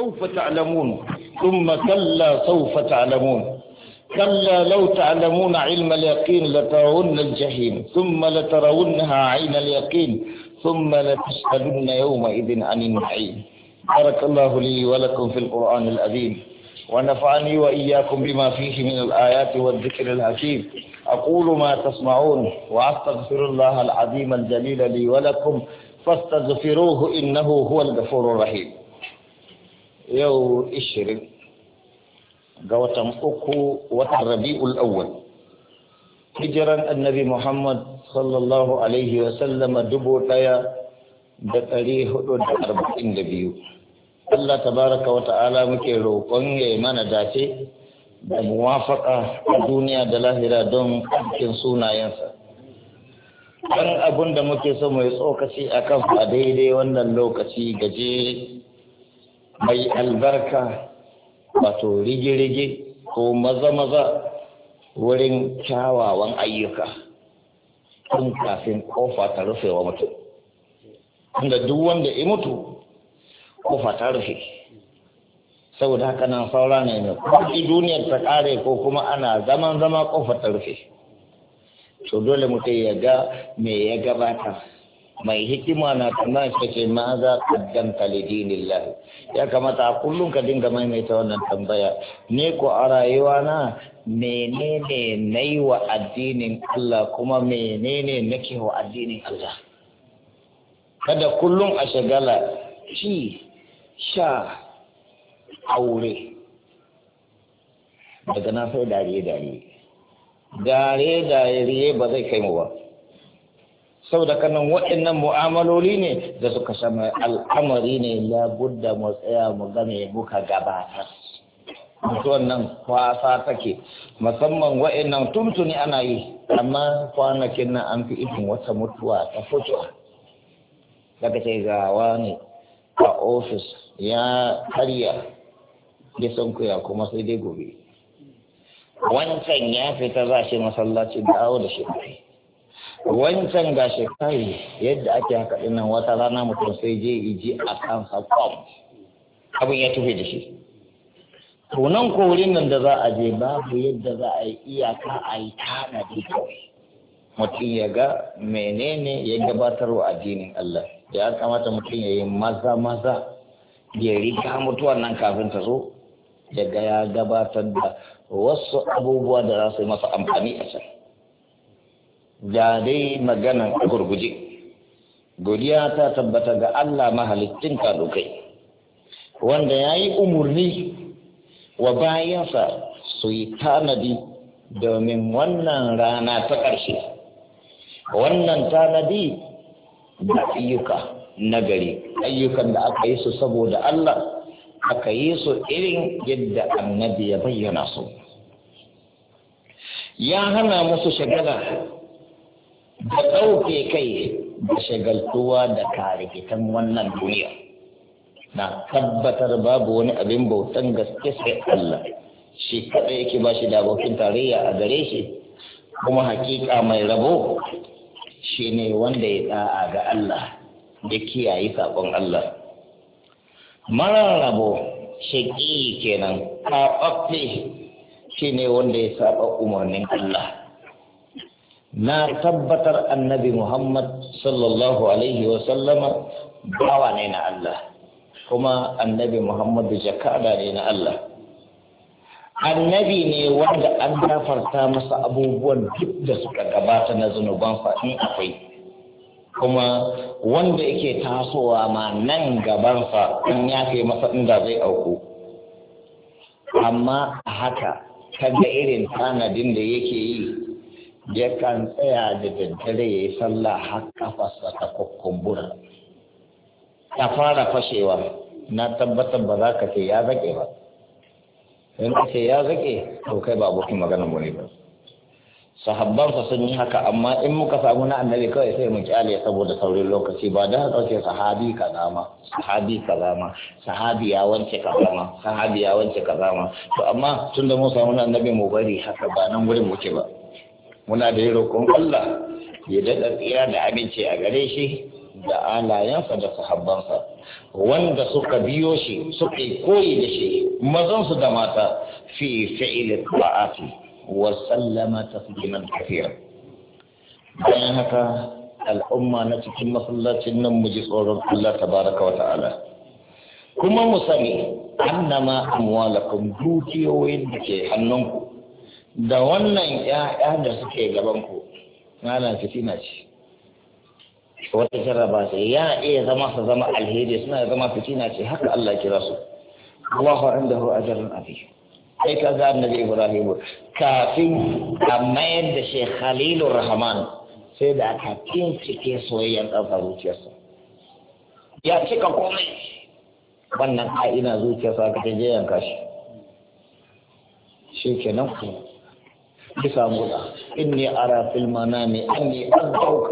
سوف تعلمون ثم كلا سوف تعلمون كلا لو تعلمون علم اليقين لترون الجحيم ثم لترونها عين اليقين ثم لتسألن يومئذ عن النعيم بارك الله لي ولكم في القرآن العظيم ونفعني وإياكم بما فيه من الآيات والذكر الحكيم أقول ما تسمعون وأستغفر الله العظيم الجليل لي ولكم فاستغفروه إنه هو الغفور الرحيم yau ishirin ga watan uku watan rabi'ul awwal hijiran annabi muhammad sallallahu alaihi Sallama, dubu ɗaya da ɗari hudu da arba'in da biyu allah tabaraka wa ta'ala muke roƙon ya mana dace da muwafaka a duniya da lahira don bikin sunayensa ɗan abin da muke so mai tsokaci a kan a daidai wannan lokaci gaje mai albarka wato rige-rige ko maza-maza wurin kyawawan ayyuka tun kafin kofa ta rufe wa mutum inda duk wanda ya mutu kofa ta rufe saboda haka nan saura ne mai kwaki duniyar ta kare ko kuma ana zaman zama kofa ta rufe to dole mutum ya ga me ya gabata mai hikima na tambayar shi ce ma za qaddamta li ya kamata a kullum ka dinga maimaita wannan tambaya ne ko a rayuwa na menene yi wa addinin Allah kuma menene ke wa addinin Allah kada kullum a shagala ci sha aure daga na sai dare dare dare dare ba zai kai mu ba saboda kanan waɗannan mu'amaloli ne da suka sama al'amari ne ya gudda mu tsaya mu game muka gabatar mutuwan nan kwasa take musamman waɗannan tuntuni ana yi amma kwanakin nan an fi ikin wata mutuwa ta fito daga ce gawa ne a ofis ya karya ya san kuya kuma sai dai gobe wancan ya fita za shi masallaci dawo da shi wancan ga shekaru yadda ake haka dinnan wata rana mutum sai je iji a kan kwam abin ya tufe da shi to nan ko wurin nan da za a je babu yadda za a yi iyaka a yi tanadi kawai mutum ya ga menene ya gabatar wa addinin Allah ya kamata mutum ya yi maza maza ya riga mutuwan nan kafin ta zo ya ya gabatar da wasu abubuwa da za su yi masa amfani a can ga dai maganan gurguje godiya ta tabbata ga Allah mahalicin kalukai wanda ya yi umarni wa bayansa su yi tanadi domin wannan rana ta ƙarshe wannan tanadi da ayyuka gari ayyukan da aka yi su saboda Allah aka yi su irin yadda annabi ya bayyana su ya hana musu shagala da ɗauke kai da shagaltuwa da karikitan wannan duniya na tabbatar babu wani abin bautan gaske sai Allah shi kada yake ba shi da abokin tarayya a gare shi kuma hakika mai rabo shi ne wanda ya da'a ga Allah da kiyayi saƙon Allah mara rabo shaƙi kenan kaɓaɓɓe shi ne wanda ya saba umarnin Allah na tabbatar annabi Muhammad sallallahu alaihi wasallama bawa ne na Allah kuma annabi Muhammad jakada ne na Allah annabi ne wanda an gafarta masa abubuwan duk da suka gabata na zunuban in akwai kuma wanda yake tasowa ma nan gabansa in ya kai masa inda zai auku amma a haka kaga irin tanadin da yake yi yakan tsaya da daddare ya yi sallah har kafarsa ta kukumbura ta fara fashewa na tabbatar ba za ka ce ya zake ba in ka ce ya zake to kai ba abokin magana mu ne ba sahabbansa sun yi haka amma in muka samu na annabi kawai sai mu kyale saboda saurin lokaci ba da haka ce sahabi ka zama sahabi ka zama sahabi ya wance ka zama sahabi ya wance ka zama to amma tunda mun samu na annabi mu bari haka ba nan gurin muke ba muna da yi roƙon Allah ya daɗa tsira da aminci a gare shi da alayensa da sahabbansa wanda suka biyo shi suka yi koyi da shi mazansu da mata fi fi'il ta'ati wa sallama tasliman kathira bayan haka al'umma na cikin masallacin nan mu ji tsoron Allah tabaraka wa ta'ala kuma mu sani annama amwalakum dukiyoyin da ke hannunku da wannan ‘ya'ya da suke gabanku na fitina ce wata ba sai ya iya zama su zama alheri suna zama fitina ce haka Allah kira su Allahu inda hu ajrun abi sai ka ga annabi Ibrahim kafin a mayar da shi Khalilur Rahman sai da aka cike soyayyar ɗaukar zuciyarsa ya cika komai wannan ka'ina zuciyarsa ka ta je yanka shi shi kenan kuma bisa muda da inni ara fil manami anni ɗauka.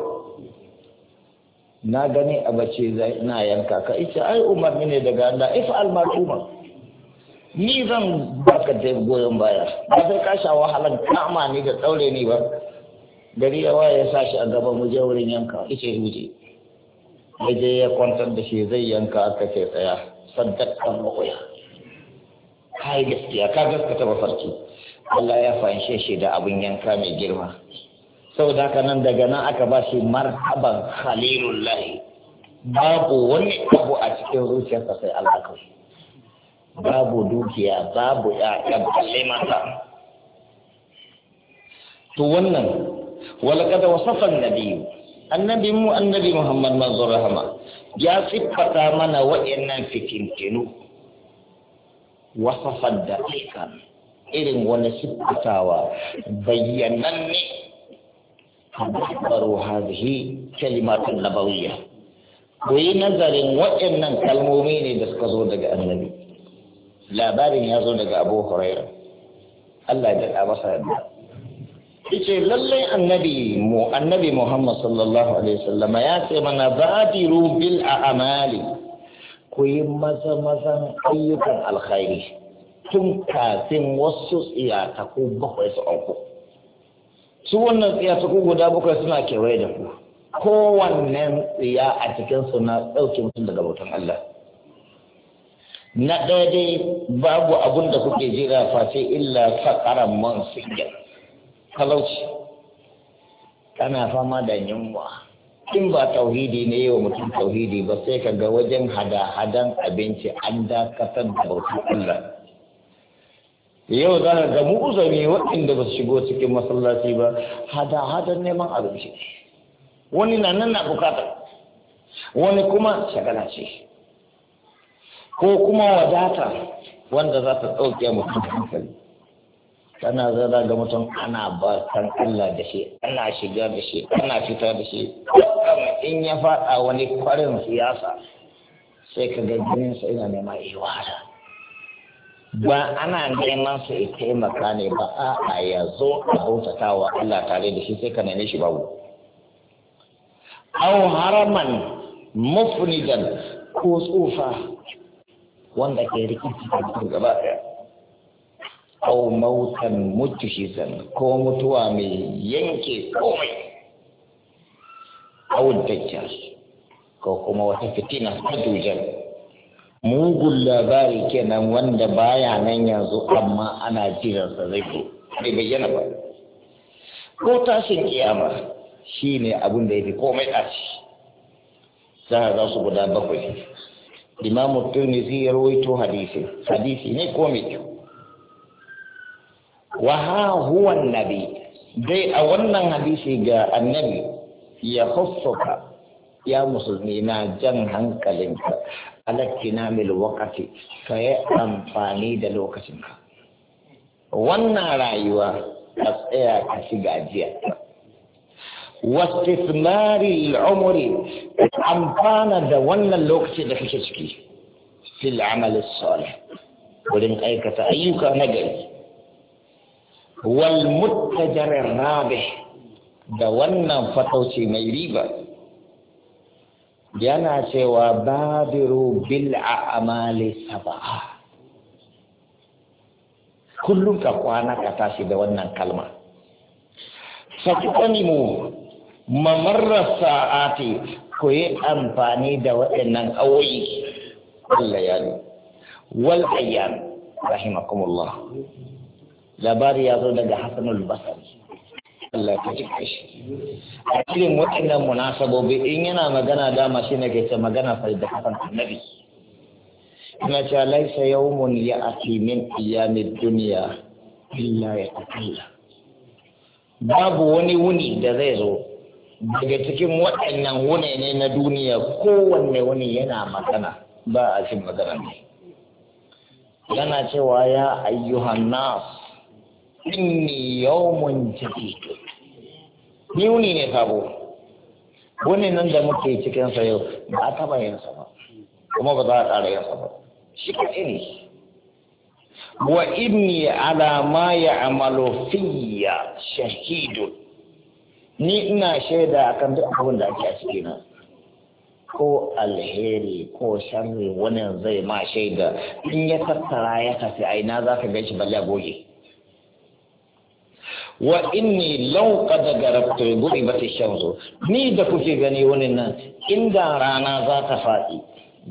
na gani a bace na yanka ka ita ai umarni ne daga Allah if al matuma ni zan baka da goyon baya ba sai ka sha wahalar kama ni da daure ni ba gari ya sa shi a gaba mu je wurin yanka ice huje ya je ya kwantar da shi zai yanka aka ce tsaya saddakan Ka kai gaskiya ka gaskata mafarki Allah ya fanshe shi da abin yanka mai girma saboda haka nan daga nan aka ba shi marhaban Lahi, babu wani abu a cikin zuciyarsa sai Allah kawai babu dukiya babu 'ya'yan balle mata to wannan walaqad wasafa wasafan Nabiyu, annabi mu annabi Muhammad manzon rahama ya siffata mana wa'annan fikintinu wasafan da aikan irin wani siffatawa bayyanan ne baro hazihi kalimatun nabawiyya ku yi nazarin waɗannan kalmomi ne da suka zo daga annabi labarin ya zo daga abu huraira Allah ya daɗa masa yadda yace lallai annabi mu annabi Muhammad sallallahu alaihi wasallam ya ce mana badiru bil a a'mali ku yi maza mazan ayyukan alkhairi tun kafin wasu tsiyataku bakwai su auku su wannan tsiyataku guda bakwai suna kewaye da ku Kowanne tsiya a cikinsu na ɗauke mutum daga bautan Allah na ɗaya dai babu abun da kuke jira face illa faƙaran man sigir talauci kana fama da yunwa in ba tauhidi ne yi wa mutum tauhidi ba sai ka ga wajen hada-hadan abinci an dakatar da bautan Allah yau za ka ga mu mu'uzami waɗanda ba su shigo cikin masallaci ba hada hada neman abinci wani na nan na bukata wani kuma shagala ce ko kuma wadata wanda za ta ɗauke mutum hankali tana zara ga mutum ana ba san Allah da shi ana shiga da shi ana fita da shi in ya faɗa wani kwarin siyasa sai ka ga jininsa yana nema iwada ba ana neman su ya taimaka ne ba a ya zo a bautata wa Allah tare da shi sai ka neme shi babu au haraman mufnidan ko tsufa wanda ke rikici da cikin gaba daya au mautan mutushisan ko mutuwa mai yanke komai au dajjal ko kuma wata fitina ta dujjal mugun labari kenan wanda baya nan yanzu amma ana jiransa zai zo bai bayyana ba ko tashin kiyama shi ne abin da ya fi komai ɗaci za a za su guda bakwai imamu zai ya rawaito hadisi hadisi ne komai kyau wa ha huwa nabi dai a wannan hadisi ga annabi ya hosoka ya musulmi na jan hankalinka alakina mil wakati ka yi amfani da lokacinka wannan rayuwa ta tsaya ka ci gajiya wastifmari al'umuri amfana da wannan lokaci da kake ciki fil amali salih wurin aikata ayyuka na gari wal muttajarir rabih da wannan fatauci mai riba yana cewa babiru bil a'mali saba'a. kullum ka kwana ka tashi da wannan kalma mu mamarra sa'ati ku yi amfani da waɗannan awoyi wallayali wal ayyam rahimakumullah labari ya zo daga hasanul basri Allah ta jika shi a cikin waɗannan munasabobi in yana magana dama shi ne ke ce magana sai da kafan annabi ina cewa laisa yawmun ya ati min iyamin duniya illa ya takalla babu wani wuni da zai zo daga cikin waɗannan wuni ne na duniya kowanne wuni yana magana ba a cikin magana ne yana cewa ya ayyuhan nasu inni yawmun jadid yuni ne sabo wani nan da muke cikin sa yau ba a taba yin sa ba kuma ba za a ƙara yin sa ba shi ka ne wa inni ala ma ya amalo fiyya shahidu ni ina shaida kan duk abin da ake a ciki na ko alheri ko sharri wani zai ma shaida in ya tattara ya tafi aina za ka gan shi balle goge wa inni law qad garabtu ghuibat ash-shams ni da kuke gani wani nan inda rana za ta faɗi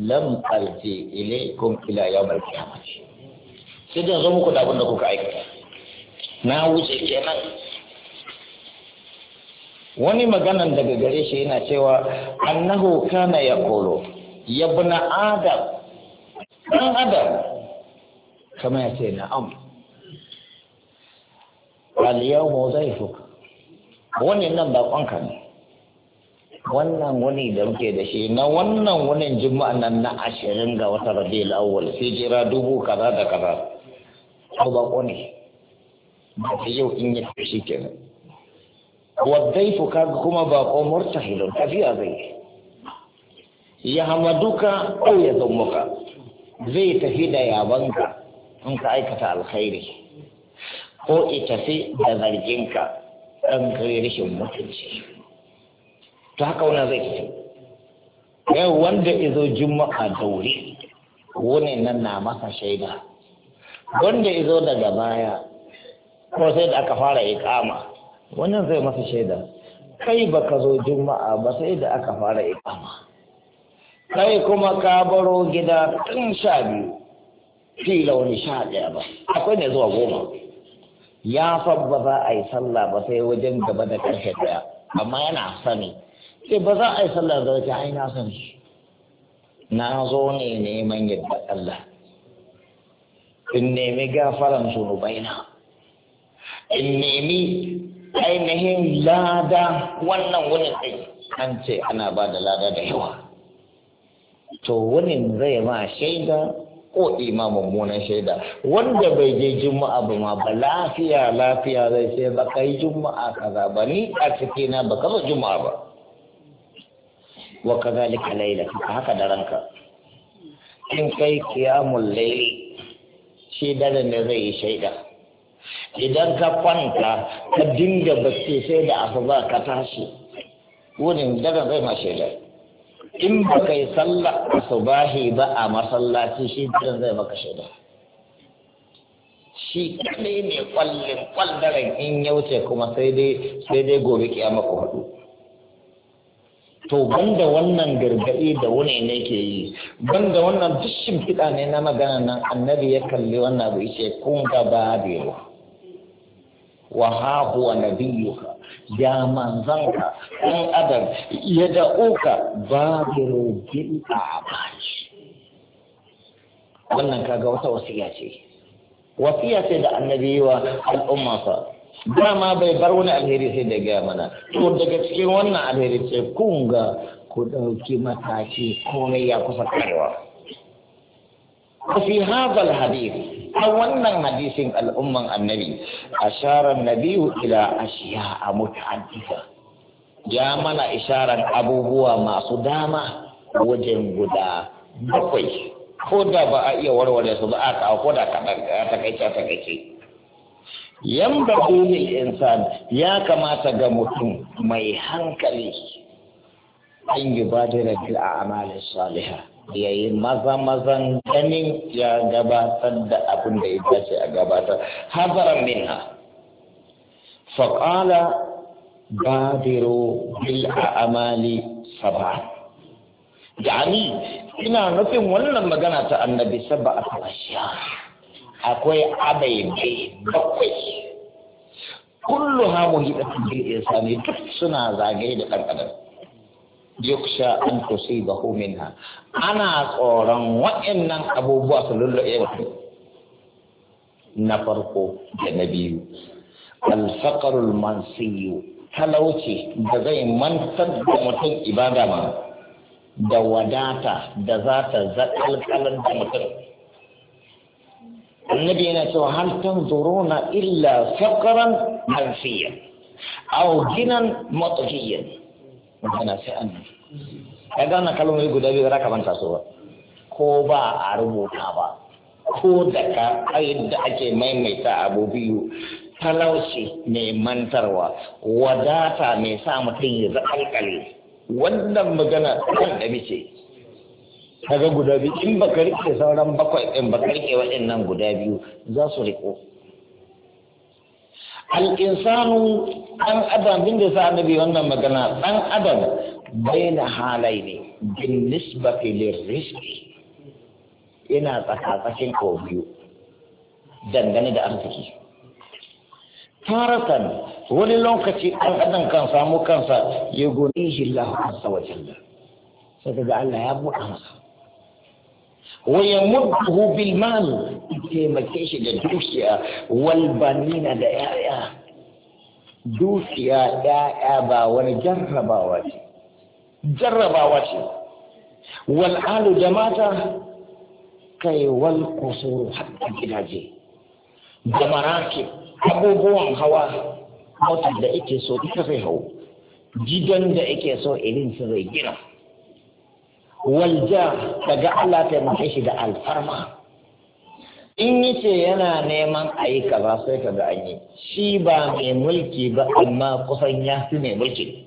lam arji ilaykum ila yawm qiyamah sai da zo muku da abin da kuka aikata na wuce kenan wani maganan daga gare shi yana cewa annahu kana yaqulu ya ibn adam dan adam kama yace na'am al-yawma udayfuka wannan nan bakonka ne wannan wani da muke da shi na wannan wani juma'a nan na ashirin ga wata rabiul awwal sai jira dubu kaza da kaza ko bako ne ba ta yau in yi shi kenan waddaifu kaga kuma ba bako murtahilun tafiya zai ya hamaduka ko ya zammuka zai tafi da yabanka in ka aikata alkhairi ko tafi da zarginka ɗan kare rashin mutunci to haka wani zai tafi yau wanda izo juma'a da wuri wani nan na masa shaida wanda izo daga baya ko sai da aka fara ikama wannan zai masa shaida kai baka zo juma'a ba sai da aka fara ikama kai kuma ka baro gida tun sha biyu fila wani sha ɗaya ba akwai ne zuwa goma ya san ba za a yi sallah ba sai wajen gaba da ƙarshe ɗaya amma yana sani sai ba za a yi sallah da wajen ai na san shi na zo ne neman yadda Allah in nemi gafaran zunubaina in nemi ainihin lada wannan wani ɗin an ce ana ba da lada da yawa to wani zai ma shaida ko ima mummunan shaida wanda bai je juma'a ba ma ba lafiya lafiya zai sai ba kai juma'a kaza ba ni a cike na ba kaza juma'a ba wa kazalika laila haka da ranka in kai kiyamul laili shi daren ne zai yi shaida idan ka kwanta ka dinga bacci sai da asuba ka tashi wurin daren zai ma shaida in ba kai sallar asubahi ba a masallaci shi kiran zai maka shaida shi kadai ne kwallin kwallaren in ya wuce kuma sai dai sai dai gobe kiyama ku hudu to banda wannan gargaɗi da wani ne ke yi banda wannan duk shimfiɗa ne na magana nan annabi ya kalli wannan abu ya ce kun ga ba wa ha huwa nabiyuka ya manzanka ɗan adam ya da'uka babiru a a'mash wannan kaga wata wasiya ce wasiya ce da annabi wa al'umma fa dama bai bar wani alheri sai da gaya mana to daga cikin wannan alheri ce kun ga ku ɗauki mataki komai ya kusa karewa وفي هذا الحديث أولا حديث الأمة النبي أشار النبي إلى أشياء متعددة يا من إشارة أبو هو ما صدامة وجن غدا بقي خدا بأي ورور صدقاء أو خدا تكيشة تكيشة yambaghi lil insan ya kamata ga mutum mai hankali an yi badira bil a'malis salihah ya yi maza-mazan ganin ya gabatar da abin da ya dace a gabatar hazaran Minna. faƙala badiro bil amali saba ni ina nufin wannan magana ta annabi saba a kawashiya akwai bai bakwai kullu ha muhidatun bil insani duk suna zagaye da ɗan yuksha an tusibahu minha ana tsoron waɗannan abubuwa su lullube wa na farko da na biyu alfaqarul mansiyu talauci da zai mantar da mutum ibada ma da wadata da za ta zakalkalar da mutum annabi yana cewa hal tanzuruna illa faqran mansiyan aw ginan matfiyan magana sai ka ga wannan kalmomi guda biyu za ka manta su ba ko ba a rubuta ba ko da ka yadda ake maimaita abu biyu talauci mai mantarwa wadata mai sa mutum ya zakalkale wannan magana kan da ce kaga guda biyu in baka rike sauran bakwai in baka rike waɗannan guda biyu za su riko al'insanu ɗan adam din da sa annabi wannan magana ɗan adam bai na halai ne bin nisbati riski yana tsakatsakin ko biyu dangane da arziki Faratan wani lokaci ɗan adam kan samu kansa ya gode shi Allah azza wajen da sai ga Allah ya buɗa masa wa yamudduhu bil mal taimake shi da dukiya wal banina da yaya dukiya yaya ba wani jarrabawa ce jarrabawa ce wal alu da mata kai wal kusuru hatta gidaje da abubuwan hawa motar da ake so ita zai hau gidan da ake so irin su zai gina walja daga Allah taimake shi da alfarma in yace yana neman a yi sai ka ga an yi shi ba mai mulki ba amma kusan ya fi mai mulki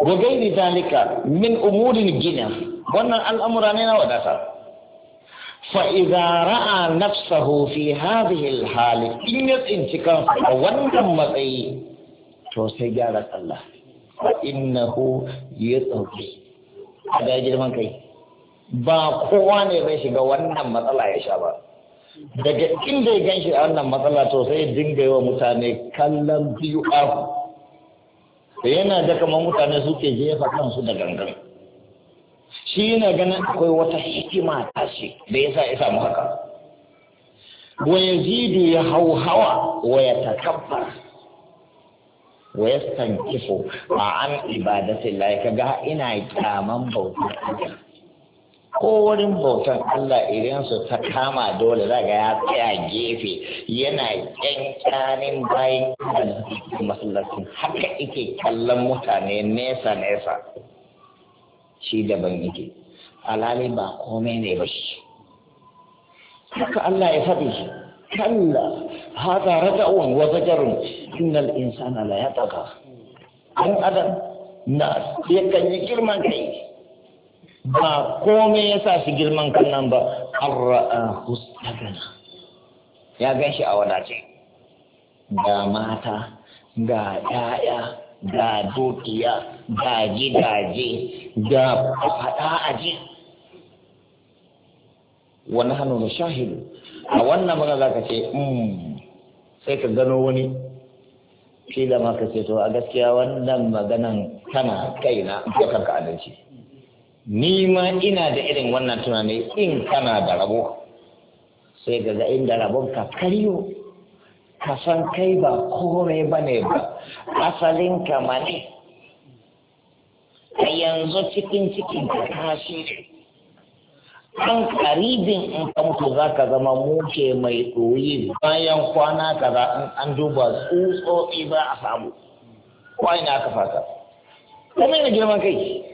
wa gairi zalika min umurin gina wannan al'amura ne na wadata fa idza ra'a nafsahu fi hadhihi al in ya tsinci kansa a wannan matsayi to sai gyara Allah fa innahu yatawbi a ga girman kai ba kowa ne zai shiga wannan matsala ya sha ba daga inda ya gan shi a wannan matsala to sai dinga yi wa mutane kallon biyu abu da yana da kamar mutane suke jefa kansu da gangan shi yana ganin akwai wata hikima ta shi da ya sa ya samu haka wa ya hau hawa wa ya takabbar wa yastankifu ma an ka kaga ina kyaman bautar ko wurin bautan Allah idan su ta kama dole za ga ya tsaya gefe yana kyankyanin bayan masallacin haka ike kallon mutane nesa nesa shi daban yake alali ba komai ne ba shi haka Allah ya faɗi shi كلا هذا رجع وزجر إن الإنسان لا يطغى أن أدم ناس يكن يجرم كي ba komai ya sa shi girman kan ba an ra'a hustagana ya gan shi a wadace ga mata ga ɗaya da dukiya da gidaje ga faɗa aji wani hannu na shahidu a wannan magana za ka ce hmm, sai ka gano wani fila ma ka ce to a gaskiya wannan maganan tana kaina ya ka adalci ni ma ina da irin wannan tunani in kana da rabo sai ga ga inda rabon ka kariyo ka san kai ba kome ba ne ba asalin ka mane a yanzu cikin cikin ka tashi an karibin in ka mutu za ka zama muke mai ɗoyi bayan kwana kaza in an duba tsutsotsi ba a samu kwa na aka fata kuma yana girman kai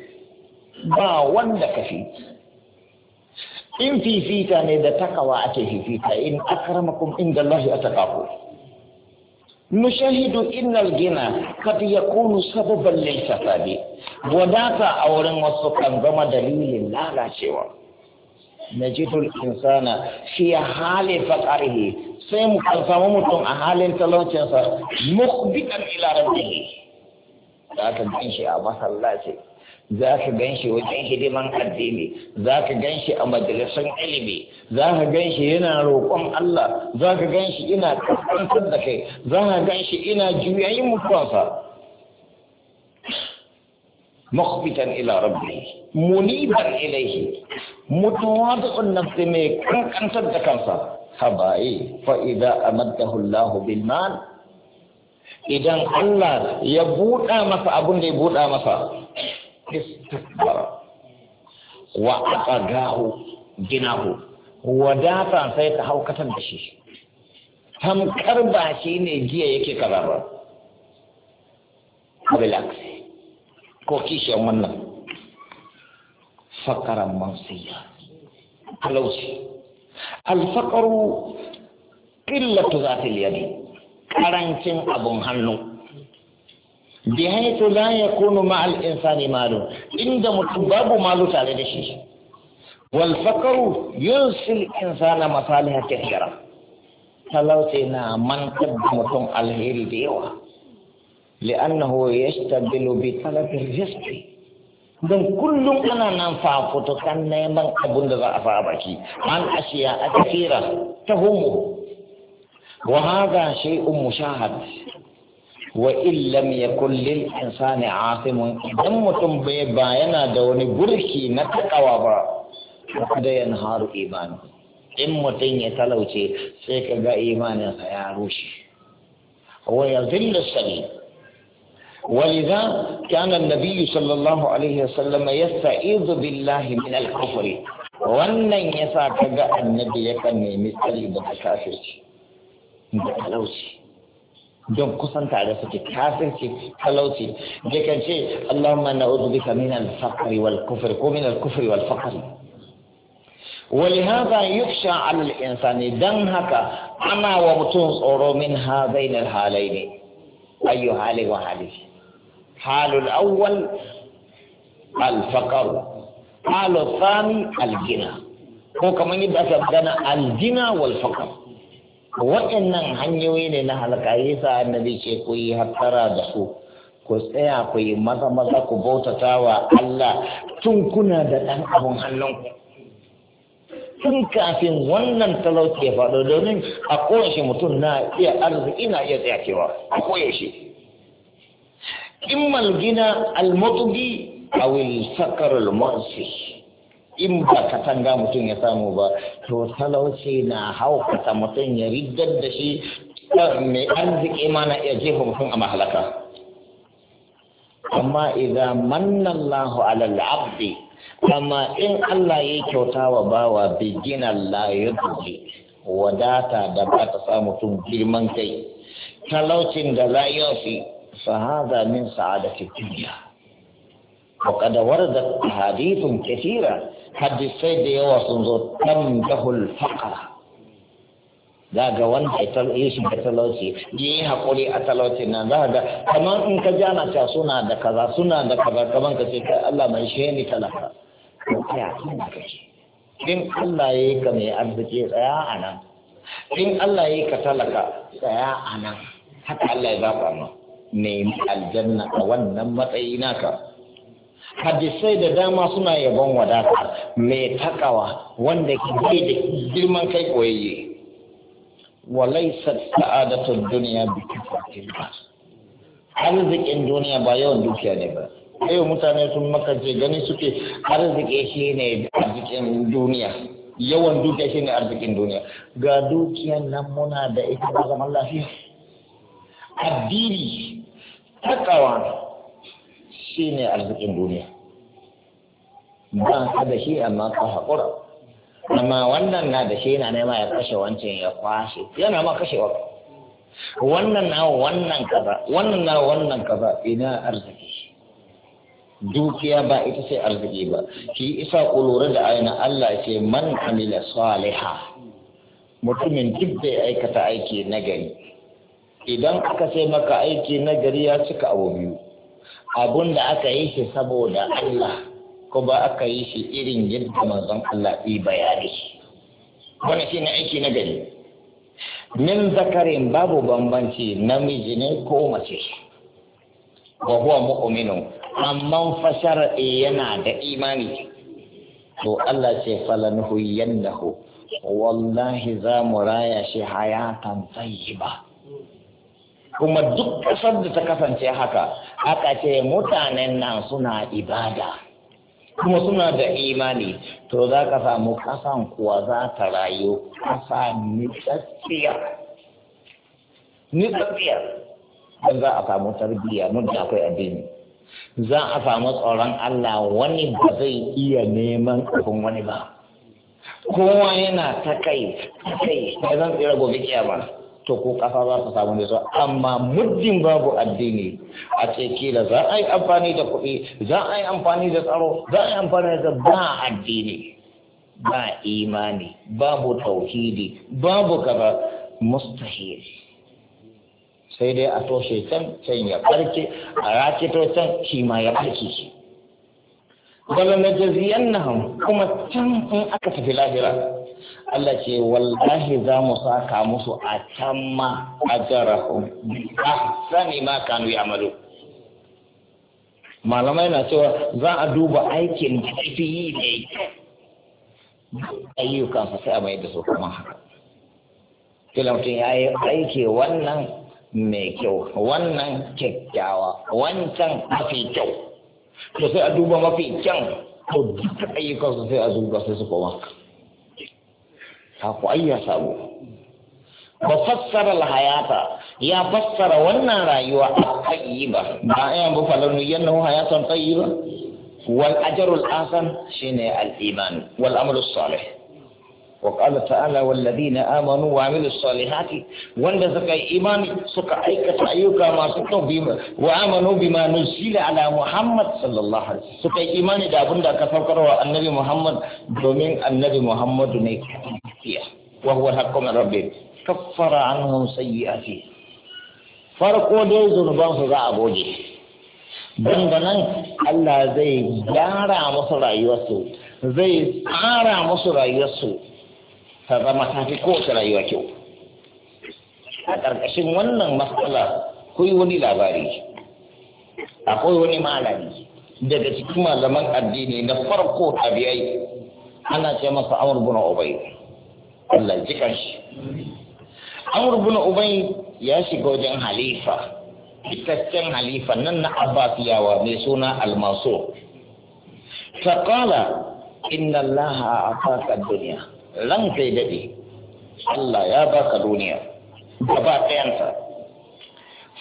ba wanda ka fi in fifita ne da takawa ake fifita in akramakum inda Allah ya takaku نشاهد gina الغنى قد يكون سببا للفساد Wadata a wurin wasu kan zama dalilin lalacewa. najidul insana fi hali faqarihi sai mu kan samu mutum a halin talaucinsa mukbitan ila rabbihi za ka gan a masallaci za ka gan wajen hidiman addini za ka gan a majalisun ilimi za ka gan shi yana roƙon Allah za ka gan shi ina kasantar da kai za ka gan shi ina juyayin mutuwansa mukhbitan ila rabbi muniban ilaihi mutawadi'un nafsi mai kankantar da kansa habaye fa idza amadahu Allah bil mal idan Allah ya buɗa masa abun da ya buɗa masa istikbara wa aqadahu ginahu wadatan sai ta haukatan da shi tamkar ba shi ne jiya yake kaza ba ko kishiyan wannan fakaran mansiya talauci alfakaru ƙillatu za ta liyari ƙarancin abun hannu bihaitu la yakunu ma'al insani malu inda mutum babu malu tare da shi wal fakaru yunsil insana masalihat kathira talauci na mantar da mutum alheri da yawa li'annahu yashtabilu bi talabil rizqi don kullum ana nan kan neman abun da za a fara baki an ashiya a tafira ta humu wa haga shay'un mushahad wa illam yakul lil insani asimun idan mutum bai ba yana da wani burki na takawa ba da haru iman in mutum ya talauce sai ka ga imaninsa ya rushe wa yazillu sabil ولذا كان النبي صلى الله عليه وسلم يستعيذ بالله من الكفر وان يسا كذا النبي يكن مثلي بكافر بكلوشي دون كسان تعرفك كافر كلوشي جيكا شيء اللهم نعوذ بك من الفقر والكفر ومن الكفر والفقر ولهذا يخشى على الانسان دنهك انا ومتون صورو من هذين الحالين اي حال halul awwal alfakar, faqr halul thani ko kamar yadda aka magana al wal faqr waɗannan hanyoyi ne na halaka yasa annabi ce ku yi hattara da su ku tsaya ku yi maza maza ku bautata wa Allah tun kuna da ɗan abun hannunku tun kafin wannan talauci ya faɗo domin a koyaushe mutum na iya arziki na iya tsayakewa a koyaushe إما الغنى المطغي a الفقر المعصي in ba katanga mutum ya samu ba to talauci na haukata mutum ya riddar da shi eh, mai arziki mana iya jefa mutum a mahalaka amma idan lahu alal abdi amma in Allah ya kyauta wa bawa bigin Allah ya wadata da ba ta samu tun girman kai talaucin da la فهذا من سعادة الدنيا وقد وردت أحاديث كثيرة hadisai da yawa sun zo tam dahul faqara za ga wanda ya yi shi da talauci ya haƙuri a talauci na za ga kamar in ka jana ta suna da kaza suna da kaza kamar ka ce kai Allah mai shi ne talaka ko kaya kin ka ce in Allah ya yi ka mai arziki tsaya a nan in Allah ya yi ka talaka tsaya a nan haka Allah ya zaɓa mu nemi aljanna a wannan matsayi naka hadisai da dama suna yabon wadata mai takawa wanda ke bai da girman kai koyayye walaisar Sa'adatu duniya bi kifatin ba arzikin duniya ba yawan dukiya ne ba yau mutane sun makace gani suke arziki shi ne arzikin duniya yawan dukiya shi ne arzikin duniya ga dukiyan nan muna da ita zaman lafiya addini takawa shi ne arzikin duniya ba ka da shi amma ka haƙura amma wannan na da shi yana nema ya kashe wancan ya kwashe yana ma kashewa wannan na wannan kaza wannan na wannan kaza ina arziki dukiya ba ita ce arziki ba shi isa ku lura da aina Allah ce man amila saliha mutumin duk da ya aikata aiki na gari idan aka sai maka aiki na gari ya cika abu biyu abun da aka yi shi saboda Allah ko ba aka yi shi irin yadda manzon Allah yi bayani wannan shi ne aiki na gari min zakarin babu bambanci namiji ne ko mace wa huwa mu'minun amma fashar yana da imani to Allah ce yadda huyyannahu wallahi za mu raya shi hayatan tayyiba kuma duk ƙasar da ta kasance haka aka ce mutanen nan suna ibada kuma suna da imani to za ka samu ƙasan kuwa za ta rayu ƙasa nitsatsiyar nitsatsiyar don za a samu tarbiyya da akwai addini za a samu tsoron Allah wani ba zai iya neman abin wani ba kowa yana ta kai ta kai ya zan tsira gobe kiyama to ko kasa za su samu nutsuwa amma muddin babu addini a ce kila za a yi amfani da kuɗi za a yi amfani da tsaro za a yi amfani da ba addini ba imani babu tauhidi babu kaza mustahil sai dai a toshe can can ya barke a rakito can shi ma ya barke shi bala na jaziyannahum kuma can in aka tafi lahira Allah ce wallahi za mu saka musu a can ma jarahun a sani ma kanu malu malamai na cewa za a duba aikin da fi ne ayyukan sa sai a mai da su kuma haka kila mutum ya yi aiki wannan mai kyau wannan kyakkyawa wancan mafi kyau to sai a duba mafi kyan to duka ayyukan su sai a duba sai su koma haka sako ai ya sabo ba fassara hayata ya fassara wannan rayuwa a tayyiba ba a yan bufalar yannahu hayatan tayyiba wal ajrul asan shine al iman wal amalu salih وقال تعالى والذين آمنوا وعملوا الصالحات وند زكى إيمان سكى أيك أيوك ما سكتوا بما وآمنوا بما نزل على محمد صلى الله عليه وسلم سكى إيمان إذا أبند كفكر النبي محمد دومين النبي محمد نيكيا وهو الحق من ربي كفر عنهم سيئاته فرقوا دي zunubansu za a goge danganan Allah zai gyara musu rayuwarsu zai tsara musu rayuwarsu ta zama ta fi kowace rayuwa kyau a ƙarƙashin wannan matsala akwai wani labari akwai wani malami daga cikin malaman addini na farko tabiyai ana ce masa amur buna Obai, Allah ji shi. amur buna Obai ya shiga wajen halifa fitaccen halifa nan na abbasiyawa mai suna almaso ƙala. inna allaha a ad duniya. lan ya dade Allah ya baka duniya gaba ɗayanta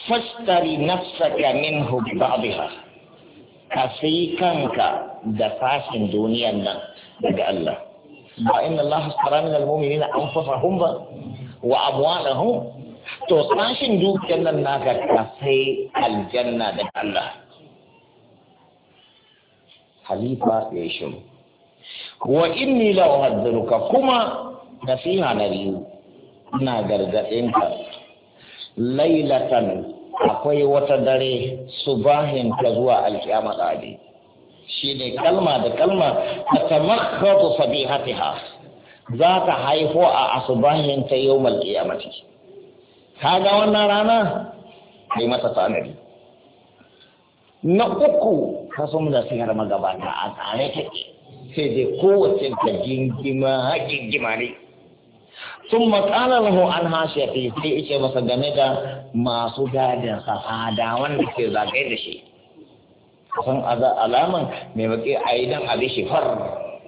fastari nafsaka min ba'daha kasai kanka da fashin duniyan nan daga Allah ba inna Allah astara min almu'minina anfusahum ba wa amwalahum to sashin dukiyar nan naka kasai aljanna daga Allah halifa ya yi shiru wa inni la uhadhiruka kuma nasiha na biyu ina gargadinka lailatan akwai wata dare subahin ka zuwa alƙiyama ɗari shi ne kalma da kalma ta tamakkatu sabihatiha za ta haifo a asubahin ta yau Ta ga wannan rana yi mata tsanari na uku kasum da sigar magabata a tsare take sai dai kowace ta gingima gingima ne sun matsala lahu an hashe fi sai ice masa game da masu gadin sahada wanda ke zagaye da shi san alaman mai baki a idan abin shi far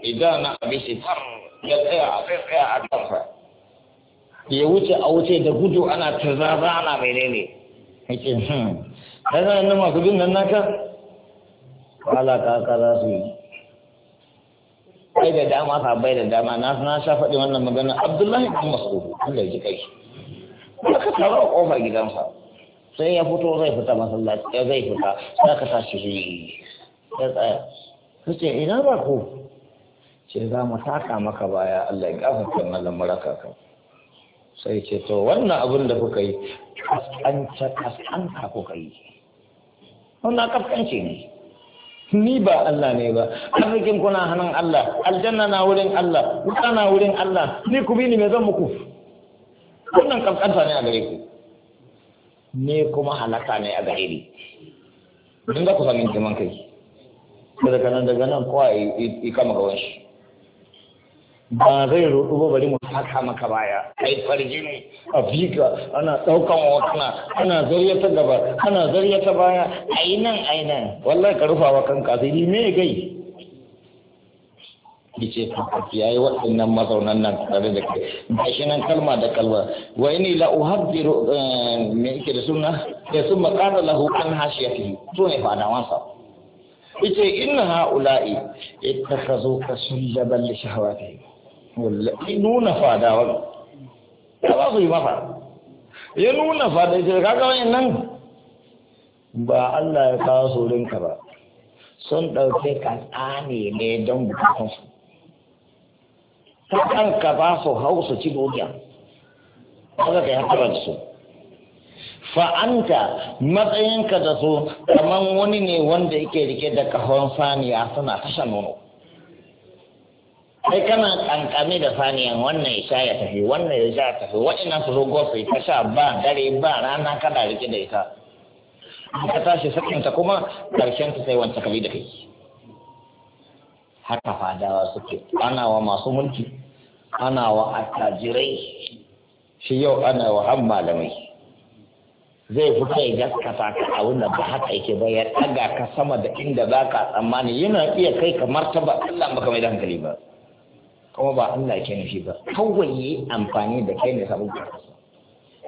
idan na abin shi far ya tsaya a tsaya a kansa ya wuce a wuce da gudu ana tazaza ana mai yake hmm kana nan masu bin nan naka wala ta kara su yi kai da dama bai da dama na na sha faɗi wannan magana abdullahi bin mas'ud Allah ya ji kai ka tsara kofar gidansa sai ya fito zai fita masallaci ya zai fita sai ka tashi shi ya tsaya Ka ce ina ba ko ce za mu taka maka baya Allah ya gafarta mallan maraka ka sai ce to wannan abin da kuka yi kaskanta kaskanta kuka yi wannan kaskanci ne ni ba Allah ne ba arzikin kuna hannun Allah aljanna na wurin Allah wuta na wurin Allah ni ku bi ni me zan muku wannan kankanta ne a gare ku ne kuma halaka ne a gare ni dan da ku san girman kai daga nan daga nan kowa i kama wanshi. ba zai rudu ba bari mu saka maka baya kai ne a fika ana daukan hotuna ana zarya ta gaba ana zarya ta baya ainan ainan wallahi ka rufa wa kanka asiri me gai yace ya yi waɗannan mazaunan nan tare da kai shi nan kalma da kalma wai inni la uhabbiru eh, me yake da sunna ya sun qala lahu an hashiyatihi to ne fa da wasa yace inna haula'i ittakhazu kasullaban li shahawatihim wallahi nuna fadawa ya ba su yi mafa ya nuna fada ya kaga wani nan ba Allah ya kawo ka ba sun ɗauke ka tsane ne don bukatunsu kakan ka ba su hau su ci dogiya kaga ka yi hakarar su fa'anta matsayinka da su kamar wani ne wanda yake rike da kahon saniya suna tasha nono kai kana kankami da saniyan wannan ya sha ya tafi wannan ya sha ya tafi waɗannan su zo gofe ta sha ba dare ba rana kana rike da ita ka tashi sakinta kuma karshen ta sai wancan kabi da kai haka fadawa suke ana wa masu mulki ana wa attajirai shi yau ana wa han malamai zai fi kai gaskata ka abin da ba haka yake ba ya ɗaga ka sama da inda za ka tsammani yana iya kai ka martaba Allah baka mai da hankali ba kuma ba Allah ke nufi ba kawai yi amfani da kai ne samu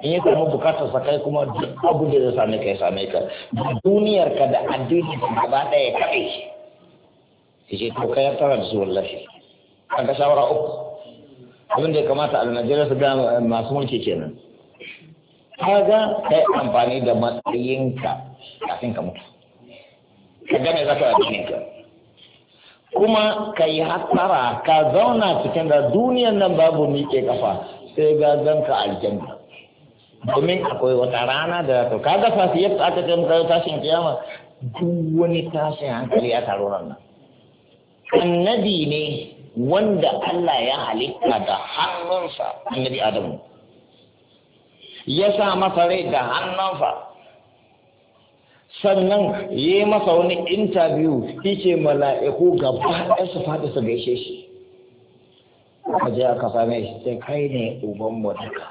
bukatarsa in ya samu sa kai kuma duk abu da zai same kai ya same ka duniyar ka da addini ka gaba daya kai shi ce to kai tara da su lafi an ka shawara uku abin da ya kamata a Najeriya su ga masu mulki kenan kaga kai amfani da matsayinka kafin ka mutu ka gane zaka addinin ka kuma ka yi hasara ka zauna cikin da duniyan nan babu miƙe kafa sai ga ka aljanna domin akwai wata rana da to kaga fasiyar ta aka kai tashin kiyama duk wani tashin hankali ya taro nan annabi ne wanda Allah ya halitta da hannunsa annabi Adamu ya sa masa rai da hannunsa sannan yi masa wani intabiyu ce mala'iku gaba ɗaya su faɗi su gaishe shi a je aka same shi sai kai ne uban duka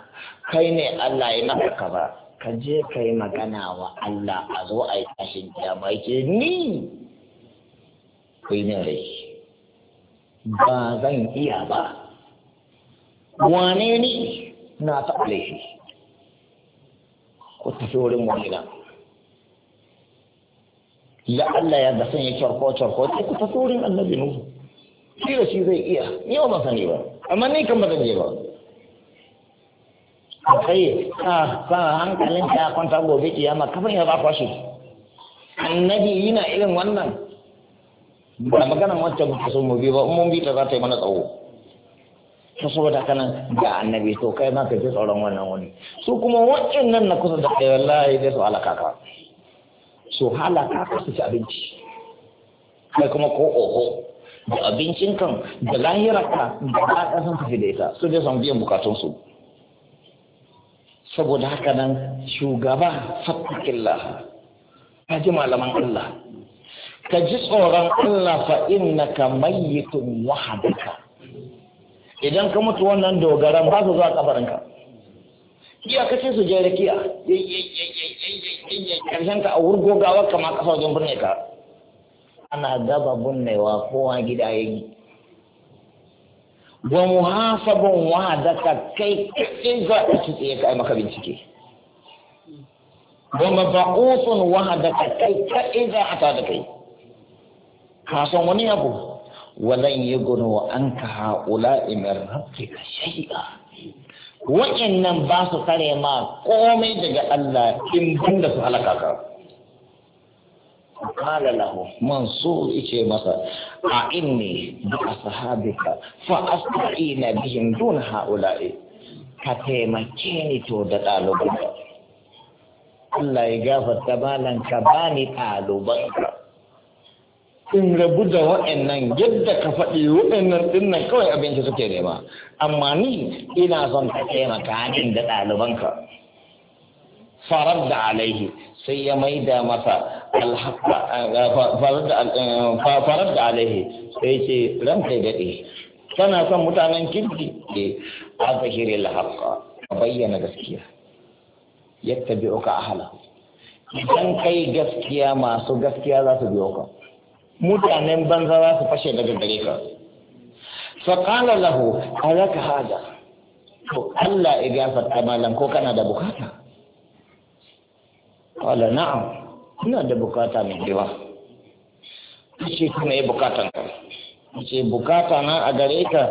kai ne Allah ya maka ba, ka je ka yi magana wa Allah a zo a yi tashin kiyama ke ni ku yi rai ba zan iya ba wane ni na taɓa laifi ku tafi wurin wani nan Allah ya ga sanya charko charko sai ku tafi annabi nuhu shi da shi zai iya ni ba ban sani ba amma ni kan ba zan je ba akai ka ka hankalin ta kwanta gobe kiyama kafin ya ba kwashi annabi yana irin wannan ba maganan wacce ba so mu bi ba mun bi ta za ta yi mana tsawo ta saboda kanan ga annabi to kai ma ka ji tsoron wannan wani su kuma nan na kusa da kai wallahi zai su alaka ka su halaka ka su ci abinci kai kuma ko oho da abincin kan da lahirarka da ka san fi da ita su dai samu biyan su saboda haka nan shugaba fattakillah ka ji malaman Allah ka ji tsoron Allah fa innaka mayyitun wahadaka idan ka mutu wannan dogaran ba su zuwa kabarinka iyakacin su je rakiya karshen ka a wurgo gawa kama kasa wajen birne ka ana gaba wa kowa gida ya yi wa mu wa da ka kai kai za a ci tsaye ka maka bincike wa mabaqutun wa da ka kai kai za a ta da kai ka san wani abu walan wa an ka haula imar ka shay'a nan ba su kare ma komai daga Allah in da su halaka ka. Kala lahu Mansur ice masa a inni da ashabika fa na bihim dun haula'i ka taimake ni to da ɗaliban Allah ya gafarta balan ka bani ɗaliban in rabu da wa'annan yadda ka faɗi waɗannan dinnan kawai abinci suke nema amma ni ina son ka taimaka din da ɗalibanka farar da alaihi sai ya maida masa farar da alaihi sai ce ran kai daɗe kana son mutanen kirki ke eh, a zahiri lahaka a bayyana gaskiya yadda biyo ka ahala idan kai gaskiya masu gaskiya za su biyo ka mutanen banza za su fashe daga gare ka faƙala lahu a raka hada to Allah ya gafarta malam ko kana da bukata ƙala na'am ina da bukata mai yawa kace kuma ya bukatan ka kace bukata na a gare ka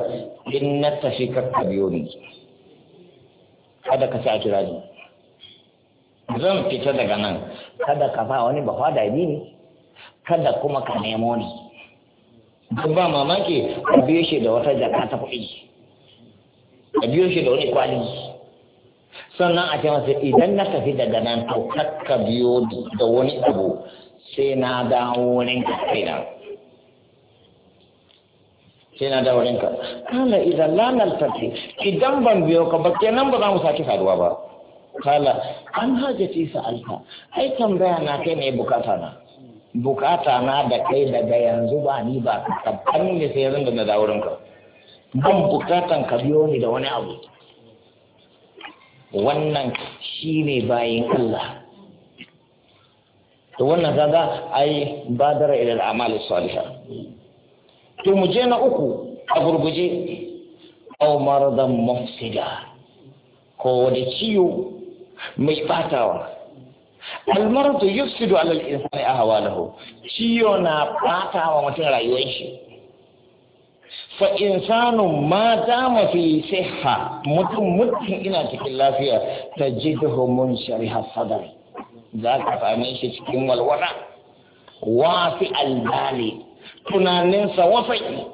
in na tafi ka biyo ni kada ka sa kira ni zan fita daga nan kada ka fa wani ba fada ni ne kada kuma ka nemo ni duk ba mamaki a biyo shi da wata jaka ta kuɗi a biyo shi da wani kwali sannan a ce masa idan na tafi daga nan to ka biyo da wani abu sai na dawo wurin ka na. sai na dawo wurin ka Kala idan lanar tafi idan ban biyo ka ba kenan ba za mu sake faruwa ba kala an hajjati sa'alka ai tambaya na kai ne bukata na bukata na da kai daga yanzu ba ni ba ka kan ne sai yanzu da na ka. ban bukatan ka biyo ni da wani abu wannan shi ne bayan Allah to wannan kaga ai badara ila al-amal salihah to mu je na uku a gurguje aw maradan mufsida ko da ciwo mai batawa almaratu yufsidu ala al-insani ahwalahu ciyo na ɓata wa mutum rayuwar shi fa insanu ma dama fi sihha mutum mutum ina cikin lafiya mun munshariha sadr za ka same shi cikin walwala wafi albali tunaninsa wasai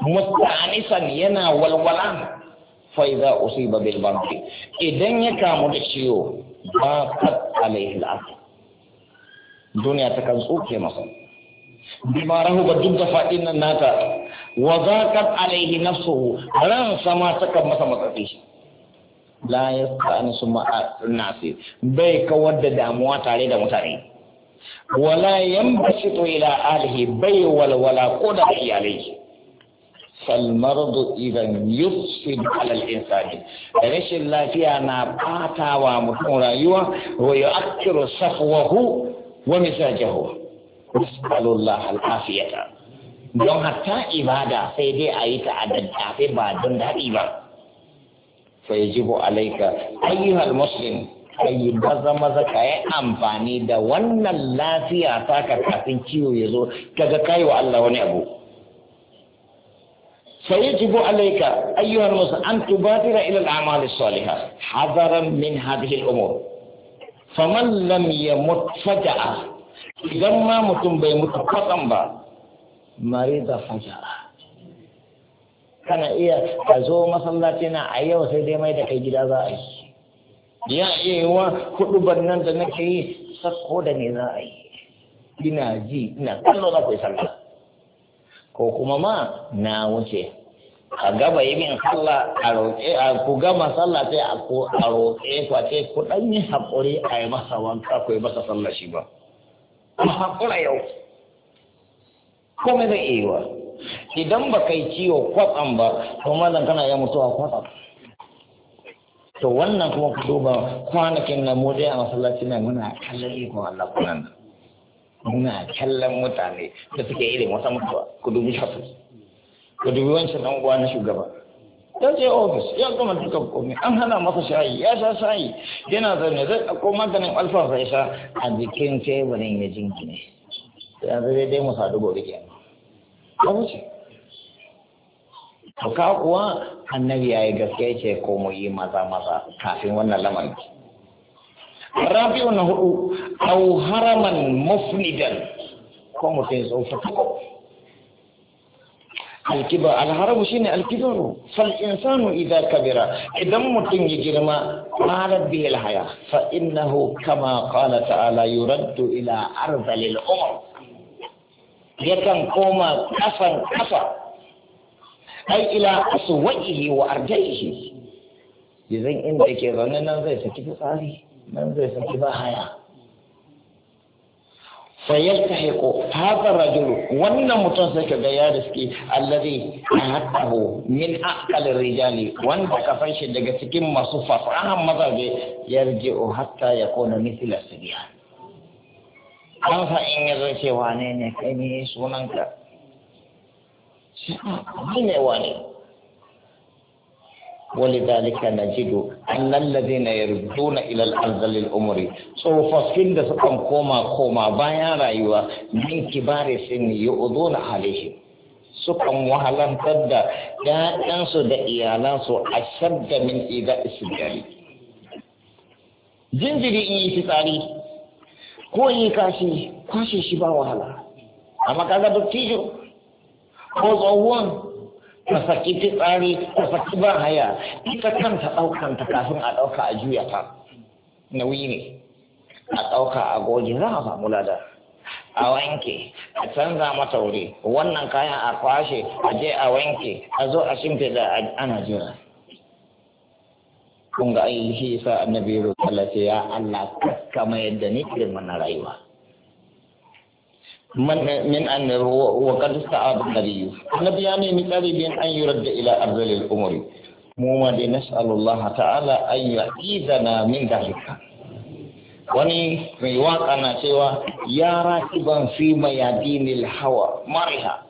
Mutanisan yana walwala fa idza usiba bil idan ya kamu da ciwo ba alaihi al'adu duniya ta kan tsoke masa bima ba duk da faɗin nan nata wa zaqat alaihi nafsuhu ran sama ta kan masa shi la yasta'ani summa nasi bai kawar da damuwa tare da mutane wala yanbashitu ila alihi bai walwala ko da iyalai فالمرض إذا يفسد على الإنسان رش الله فيها نباتا ومتمرا Wa ويؤثر صفوه ومزاجه نسأل الله العافية don hatta ibada sai dai a yi ta a daddafe ba don daɗi ba fa yajibu alaika ayyuhal muslim kai maza maza ka yi amfani da wannan lafiya ta kafin ciwo ya zo kaga kai wa Allah wani abu فيجب عليك أيها المسلم أن تبادر إلى الأعمال الصالحة حذرا من هذه الأمور فمن لم يمت فجأة إذا ما متم بيمت قطنبا مريض فجأة kana iya ka zo masallaci na a yau sai dai mai da kai gida za a yi ya iya wa kudu bannan da nake yi sako da ne za a yi ina ji ina kallo na ku sallah ko kuma ma na wuce a gaba yi min sallah a roƙe a ku gama sallah sai a ko a roƙe ku a ce ku dan yi haƙuri a yi masa wanka ku yi masa sallah shi ba kuma haƙura yau kome zai iya idan ba kai ciwo kwatsam ba to mazan kana iya mutuwa kwatsam to wannan kuma ku duba kwanakin na mu dai a masallaci na muna kallon ikon Allah kunan nan muna kallon mutane da suke irin wata mutuwa ku dubi shafi ku dubi wancan dan uwa na shugaba ya je ofis ya gama duka komai an hana masa shayi ya sha shayi yana zaune zai ɗauko maganin alfafa ya sha a jikin teburin ya ne Ya zai dai mu sadu gobe kenan ya wuce to ka kuwa annabi ya yi gaske ce ko mu yi maza maza kafin wannan lamarin rabi'u na hudu au haraman muflidan ko mutum ya tsofa tako alkibar alharamu shine alkibaru fal insanu idza kabira idan mutum ya girma qalat bihi alhaya fa innahu kama qala ta'ala yuraddu ila ardhil umr yakan koma kasan kasa ai ila aswa'ihi wa arja'ihi yanzu inda yake zaune nan zai saki fitsari nan zai saki ba haya sayar ta haiko fatar rajin wannan mutum sai gaya da suke allari a haɗaho min akalin rijali wanda ka fashe daga cikin masu fasahan mazabe ya rije o hatta ya kona misila sirya an sa in yi zai wane ne kai ne sunanka shi ne wane ولذلك نجد أن الذين يردون إلى الأرذل الأمر صوفين ده سكن كوما كوما بايا رايوا من كبار سن يؤذون عليهم sukan wahalantar da ‘ya'yansu da iyalansu a shadda min ida isgari. Jinjiri in yi fitsari ko yi kashi kwashe shi ba wahala, amma kaga duk tijo ko tsohuwan ka saki fitsari ka saki ba haya ita kanta ɗaukanta kafin a ɗauka a juya ta nauyi ne a ɗauka a goge za a samu lada a wanke a canza mata wuri wannan kayan a kwashe a je a wanke a zo a shimfe da ana jira kun ga ainihi sa annabi roƙa ya Allah kaskama yadda ni irin wannan rayuwa من من أن وقد استعاب النبي النبي يعني مثالي بين أن يرد إلى أرذل الأمور موما دي نسأل الله تعالى أن يعيدنا من ذلك وني ريواق أنا سوى يا راكبا في ميادين الهوى مرها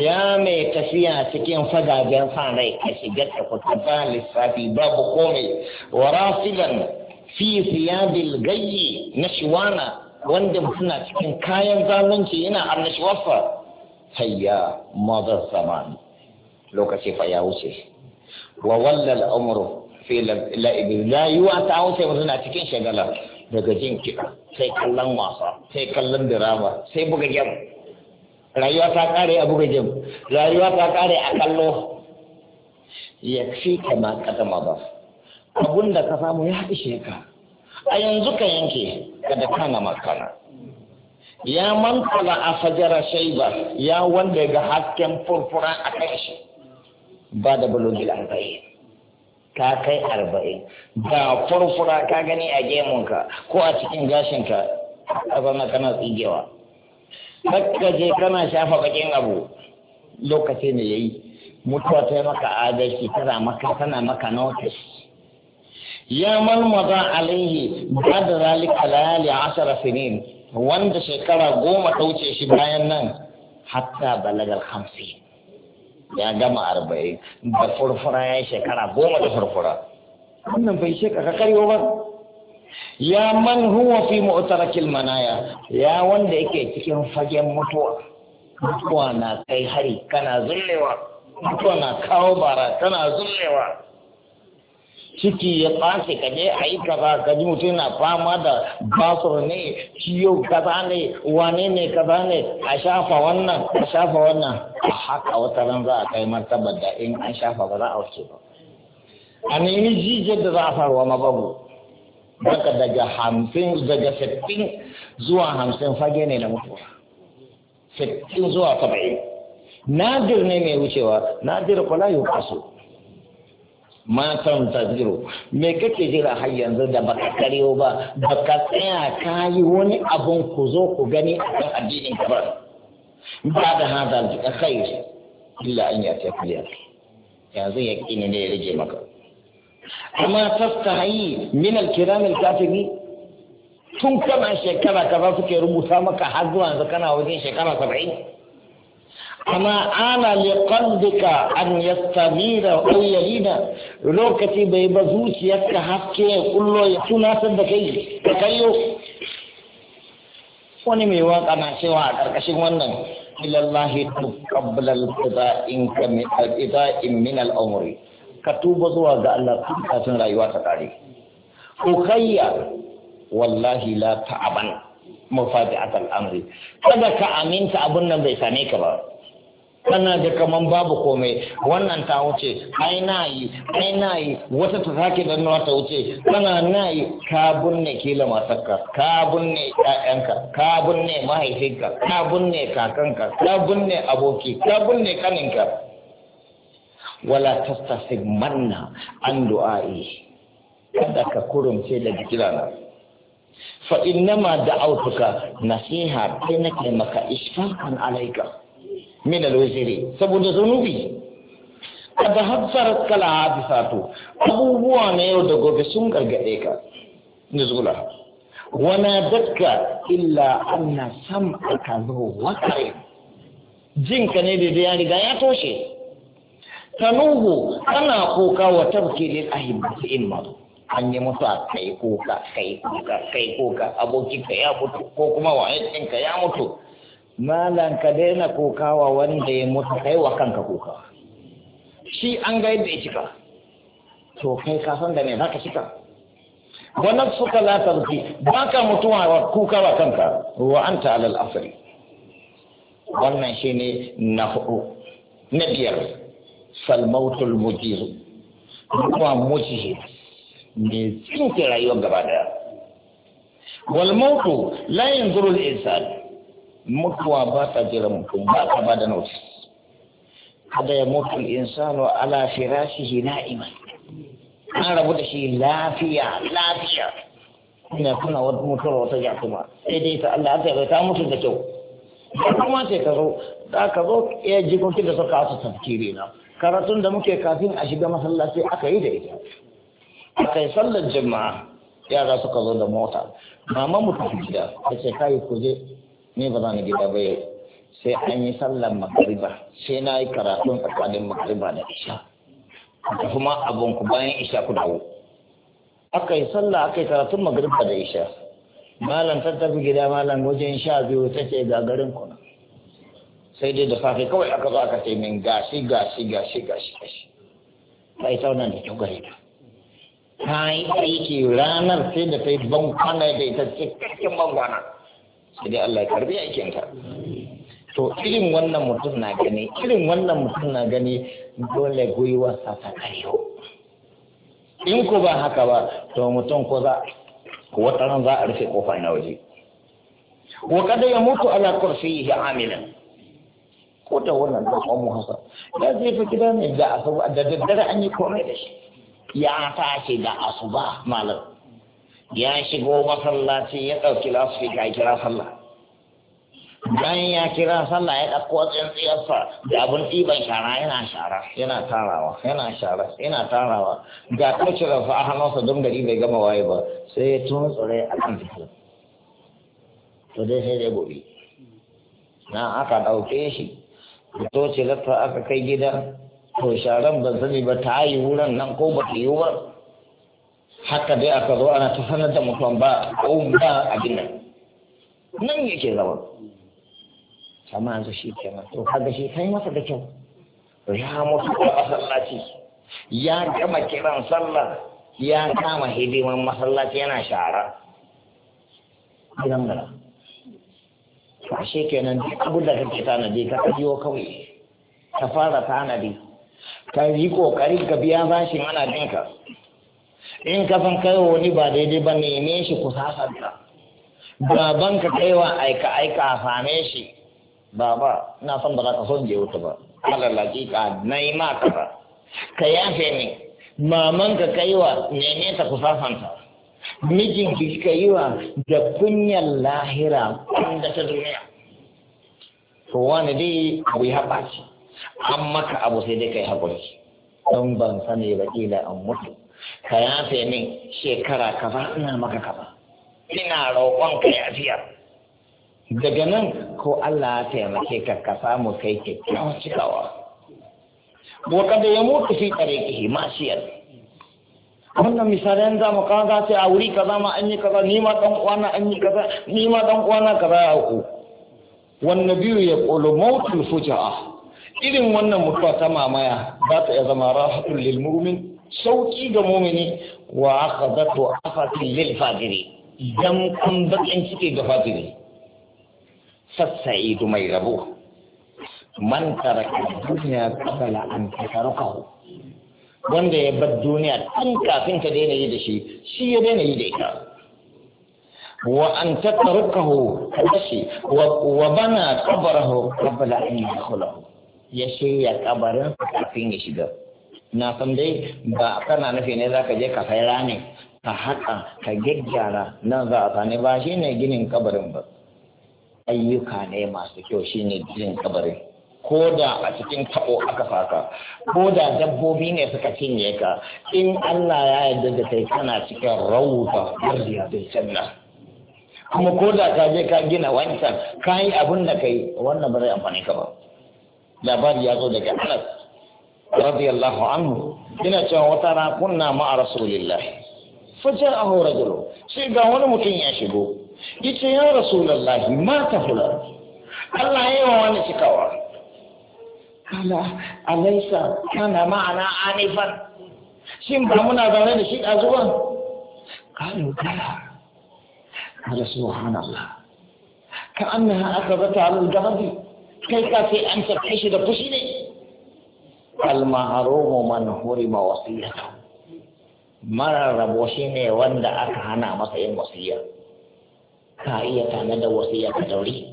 يا مي تسيا سكين فدا جان فاني كشجت قطبا لسافي باب قومي وراسلا في ثياب الغي نشوانا wanda suna cikin kayan zalunci yana annashuwarsa hayya mazar zamani lokaci fa ya wuce wa wallal umru fi la'ibi la yuwa ta wuce mutum suna cikin shagala daga jin kiɗa sai kallon wasa sai kallon dirama sai buga gem rayuwa ta kare a buga gem rayuwa ta kare a kallo ya fi kama kadama ba abun da ka samu ya ishe ka a yanzu ka yanke kada kana makana ya mantala a fajara shaiba ya wanda ga hasken furfura a kan shi ba da bulogi arba'in ka kai arba'in ba furfura ka gani a gemunka ko a cikin gashinka a zama kana tsigewa ka je kana shafa bakin abu lokaci ne yi. mutuwa ta yi maka adalci tana maka tana maka notice ya malmaza alaihi ba da zalika layali ashara sinin wanda shekara goma ta wuce shi bayan nan hatta balagar hamsin ya gama arba'in da furfura ya yi shekara goma da furfura wannan bai shekara karyo ba ya man huwa fi mu'tarakil manaya ya wanda yake cikin fagen mutuwa mutuwa na kai hari kana zullewa mutuwa na kawo bara kana zullewa ciki ya ɓace ka je a yi kaza ka ji mutum na fama da basur ne ciwo kaza ne wane ne kaza ne a shafa wannan a shafa wannan a haka wata ran za a kai martabar da in an shafa ba za a wuce ba a nemi jijiyar da za a faruwa a mababu. daga daga hamsin daga sittin zuwa hamsin fage ne na mutuwa sittin zuwa saba'in nadir ne mai wucewa nadir kwala yau kaso matan tasiro me kake jira har yanzu da baka karyo ba baka tsaya ka yi wani abun ku zo ku gani a kan addinin ka ba ba da hada da khair illa an ya tafiya yanzu ya kini ne ya rage maka amma tastahi min al-kiram al-katibi tun kana shekara ka kaza suke rubuta maka har zuwa yanzu kana wajen shekara saba'in amma ana liqalbika an yastabira aw yalina lokaci bai ba zuciyarka haske ya kullo ya tunatar da kai kayo wani mai waka na cewa a ƙarƙashin wannan ilallahi tuqabbal al-qida'in min al in min al ka tuba zuwa ga Allah tun kafin rayuwa ta kare ko kayya wallahi la ta'aban mafadi'at al-amri kada ka aminta abun nan bai same ka ba kana da kaman babu komai wannan ta wuce ai na yi ai na yi wata ta sake nawa ta wuce kana na yi ka binne kila matarka ka binne ƴaƴanka ka binne mahaifinka ka binne kakanka ka binne aboki ka binne kaninka wala tastasig manna an du'a'i kada ka kurumce da kirana fa innama da'autuka nasiha kai nake maka ishfaqan alaika min alwajiri saboda zunubi da hafsar kala hadisatu abubuwa na yau da gobe sun gargaɗe ka nuzula wana dakka illa anna zo wakare jin jinka ne da ya riga ya toshe tanuhu kana kuka wa ne a himmatu, in ma. an yi musu a kai kuka kai kuka kai kuka abokinka ya mutu ko kuma wa'in ɗinka ya mutu malan ka daina kokawa wanda ya mutu kai wa kanka kuka shi an ga yadda ya cika to kai ka san da za ka cika wa nafsuka la Ba ka mutuwa wa kuka wa kanka wa anta alal asri wannan ne na hudu na biyar fal mautul mujir kuma mujir ne tsinke rayuwar gaba daya wal mautu la yanzuru al insan mutuwa ba ta jira mutum ba ta ba da nauti kada ya mutu insano ala firashihi na'ima an rabu da shi lafiya lafiya ina kuna wata mutuwa wata jakuma sai dai ta Allah ta bai ta mutu da kyau ba kuma sai ka zo da ka zo ya jikoki da suka asu tafkiri na karatun da muke kafin a shiga masallaci aka yi da ita aka yi sallar jama'a yara suka zo da mota mama tafi gida ta ce kai ku je ni ba zan ni gida ba yau sai an yi sallar magariba sai na yi karatun tsakanin magariba da isha kuma abin ku bayan isha ku dawo aka yi sallah aka yi karatun magariba da isha malam ta tafi gida malam wajen sha biyu ta ce ga garin kuna sai dai da safe kawai aka zo aka ce min gashi gashi gashi gashi gashi bai tauna da kyau gare ta ta yi aiki ranar sai da ta yi kwana da ita cikakken kwana sai dai Allah ya karbi aikinka to irin wannan mutum na gani irin wannan mutum na gani dole gwiwarsa ta karyo in ko ba haka ba to mutum ko za wata ran za a rufe kofa na waje wa kada ya mutu ala kursiyi amilan ko da wannan da mu hasa ya je fi gida ne da asuba da daddare an yi komai da shi ya tashi da asuba malam ya shigo masallaci ya ɗauki lasfika ya kira sallah bayan ya kira sallah ya ɗauko wajen ziyarsa da abin ɗiban shara yana shara yana tarawa yana shara yana tarawa ga su a hannunsa don gari bai gama waye ba sai ya tun tsare a kan fito to dai sai dai gobe na aka ɗauke shi to ce lafa aka kai gida to sharan ban sani ba ta yi wurin nan ko ba ta yi ba haka dai aka zo ana ta sanar da mutum ba ƙaun ba abin nan nan yake zama amma yanzu shi kenan to kaga shi kai masa da kyau ya mutu a masallaci ya gama kiran sallah ya kama hidiman masallaci yana shara gidan gara ke kenan duk abin da kake tanadi ka ajiyo kawai ka fara tanadi ka yi kokari ka biya bashin ana jinka in ka san kai wani ba daidai ba neme shi ku sasanta baban ka kai wa aika aika a same shi baba na san ba za ka son je wuta ba alal hakika na yi ma ba ka yafe ne. maman ka kaiwa neme ta ku sasanta mijin ki ka yi wa da kunyar lahira wanda ta duniya to wani dai abu ya ɓaci an maka abu sai dai kai haƙuri don ban sani ba ƙila an mutu ka yafe min shekara kaza ina maka kaza ina roƙon ka yafiya daga nan ko Allah ya taimake ka ka samu kai kyakkyawan cikawa wa kada ya mutu fi tariqihi mashiyar wannan misalan za mu kawo za a wuri kaza ma an yi kaza ni ma dan uwana an yi kaza ni ma dan uwana kaza ya ku wannan biyu ya qulu mautul fujaa irin wannan mutuwa ta mamaya za ta iya zama rahatul lil mu'min sauki ga mumini wa a fatin lil fajiri idan kun bakin cike ga fajiri idu mai rabo man ka duniya kasala an tasarrukahu wanda ya bar duniya tun kafin ka daina yi da shi shi ya daina yi da ita wa an ka kashi wa bana qabarahu kabala an kula ya shirya kabarin kafin ya shiga na san dai ba kana nufi ne za ka je ka kai rani ka haƙa ka gyaggyara nan za a sani ba shi ne ginin kabarin ba ayyuka ne masu kyau shi ne ginin kabarin ko da a cikin taɓo aka faka ko da dabbobi ne suka cinye ka in Allah ya yarda da kai kana cikin rauta yarda da canna kuma ko da ka je ka gina wancan ka yi abin da kai wannan ba zai amfani ka ba labari ya zo daga Anas radiyallahu anhu yana cewa wata na kunna ma'a rasulillah faja'ahu rajulu sai ga wani mutum ya shigo yace ya rasulullah ma ta hula Allah ya yi wani cikawa ala alaisa kana ma'ana anifan shin ba muna zaune da shi a zuwan kalu kala kada subhanallah ka annaha akabat al-jahdi kai ka sai an tafi shi da fushi ne man من حرم وصيته mara rabo shi ne wanda aka hana masa yin wasiya ka iya tana da wasiya ka dauri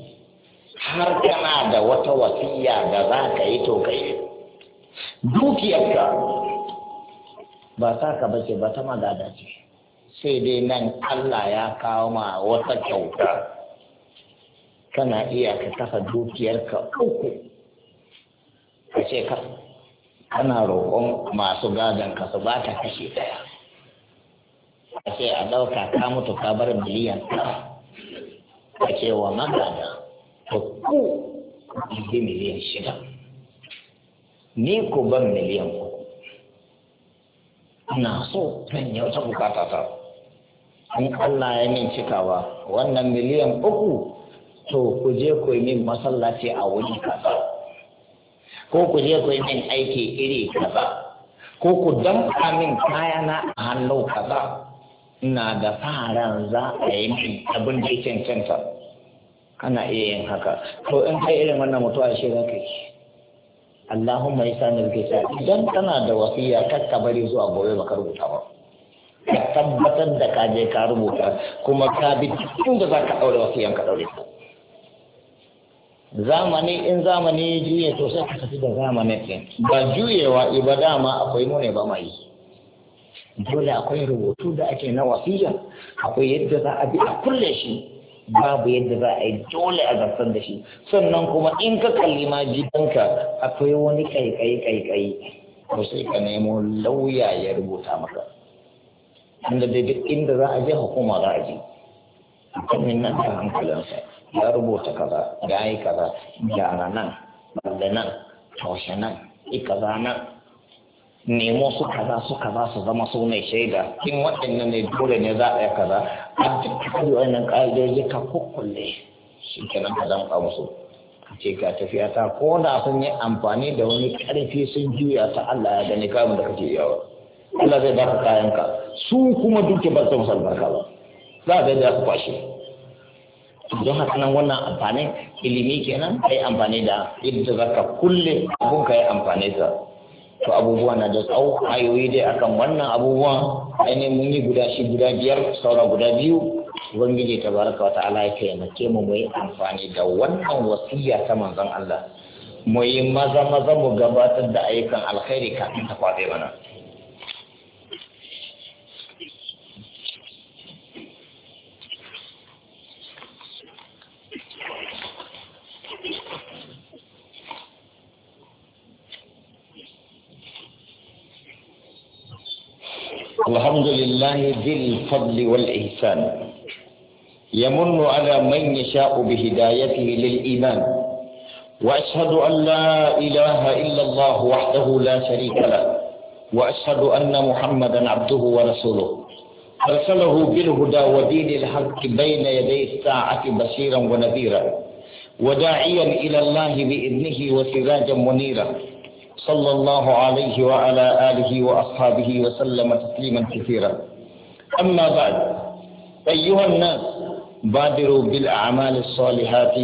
har kana da wata wasiya da za ka yi to kai dukiyarka ba sa ka bace ba ta magada ce sai dai nan Allah ya kawo ma wata kyauta kana iya ka kafa dukiyarka uku ka ce ka kana roƙon masu gadon ka su baka kashe ɗaya a ce a ɗauka ka mutu ka bar miliyan ɗaya a ce wa magada to ku ɗi miliyan shida ni ku ban miliyan uku na so zan yi wata bukata ta in Allah ya min cikawa wannan miliyan uku to ku je ku yi min masallaci a wuri kaza ko ku je ku yi min aiki iri kaza ko ku damka min na a hannu kaza ina da faran za a yi min abin da yake cancanta kana iya yin haka Ko in kai irin wannan mutuwa shi za ka yi Allahumma ya sani idan kana da wasiya kar ka bari zuwa gobe baka rubuta ba ka tabbatar da ka je ka rubuta kuma ka bi duk da za ka ɗaure wasiyan ka ɗaure ta zamani in zamani juye to sai ka tafi da zamanin ɗin ba juyewa ba dama akwai mu ba mai dole akwai rubutu da ake na wasiya akwai yadda za a bi a kulle shi babu yadda za a yi dole a zartar da shi sannan kuma in ka kalli ma gidanka akwai wani kaikai kaikai to sai ka nemo lauya ya rubuta maka inda da duk inda za a je hukuma za a je kan nan da hankalinsa ya rubuta kaza ya yi kaza gyara nan balle nan taushe nan ikaza nan nemo su kaza su kaza su zama su ne shaida in waɗannan ne dole ne za a yi kaza a cikin wannan ƙa'idoji ka kukkulle shi kenan ka zama musu ce ka tafiya ta ko da sun yi amfani da wani ƙarfi sun juya ta Allah ya gani kamun da kake yawa Allah zai baka ka su kuma duke ba su musu barka ba za a zai da su kwashe don haka nan wannan amfanin ilimi kenan ka yi amfani da yadda za ka kulle abun ka yi amfani da to abubuwa na da tsawo ayoyi dai akan wannan abubuwan ainihin mun yi guda shi guda biyar saura guda biyu ubangiji ta baraka wa ta'ala ya taimake mu mu yi amfani da wannan wasiya ta manzon Allah mu yi maza maza mu gabatar da ayyukan alkhairi kafin ta kwafe mana الحمد لله ذي الفضل والإحسان يمن على من يشاء بهدايته للإيمان وأشهد أن لا إله إلا الله وحده لا شريك له وأشهد أن محمدا عبده ورسوله أرسله بالهدى ودين الحق بين يدي الساعة بشيرا ونذيرا وداعيا إلى الله بإذنه وسراجا منيرا صلى الله عليه وعلى آله وأصحابه وسلم تسليما كثيرا أما بعد أيها الناس بادروا بالأعمال الصالحات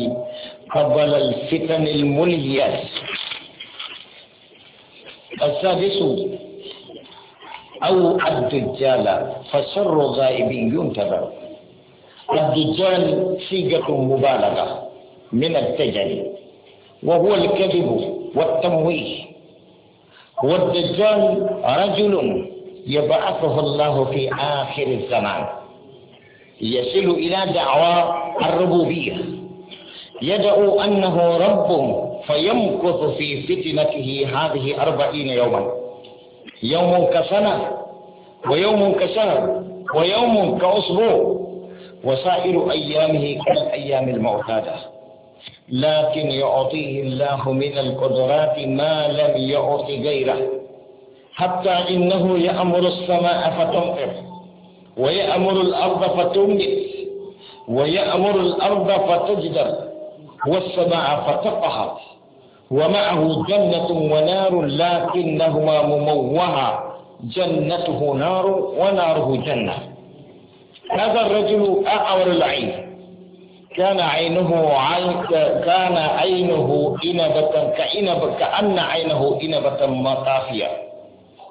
قبل الفتن الملهيات السادس أو الدجال فسر غائب ينتظر الدجال صيغة مبالغة من التجل وهو الكذب والتمويه والدجال رجل يبعثه الله في آخر الزمان يصل إلى دعوى الربوبية يدعو أنه رب فيمكث في فتنته هذه أربعين يوما يوم كسنة ويوم كشهر ويوم كأسبوع وسائر أيامه كالأيام المعتادة لكن يعطيه الله من القدرات ما لم يعط غيره حتى إنه يأمر السماء فتمطر ويأمر الأرض فتنبت ويأمر الأرض فتجدر والسماء فتقهر ومعه جنة ونار لكنهما مموها جنته نار وناره جنة هذا الرجل أعور العين كان عينه عين كان عينه إنبة كإنبة كأن عينه إنبة مطافية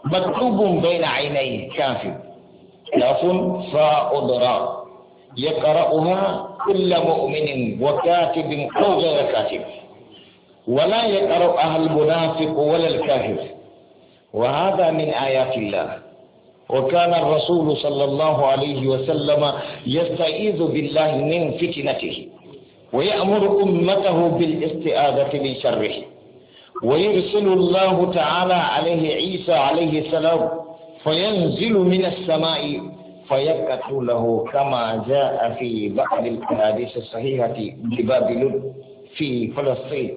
مكتوب بين عيني كافر كاف صاء ضراء يقرأها كل مؤمن وكاتب أو غير كاتب ولا يقرأها المنافق ولا الكافر وهذا من آيات الله وكان الرسول صلى الله عليه وسلم يستعيذ بالله من فتنته ويأمر أمته بالاستعاذة من شره ويرسل الله تعالى عليه عيسى عليه السلام فينزل من السماء فيقتله كما جاء في بعض الاحاديث الصحيحة ببابل في فلسطين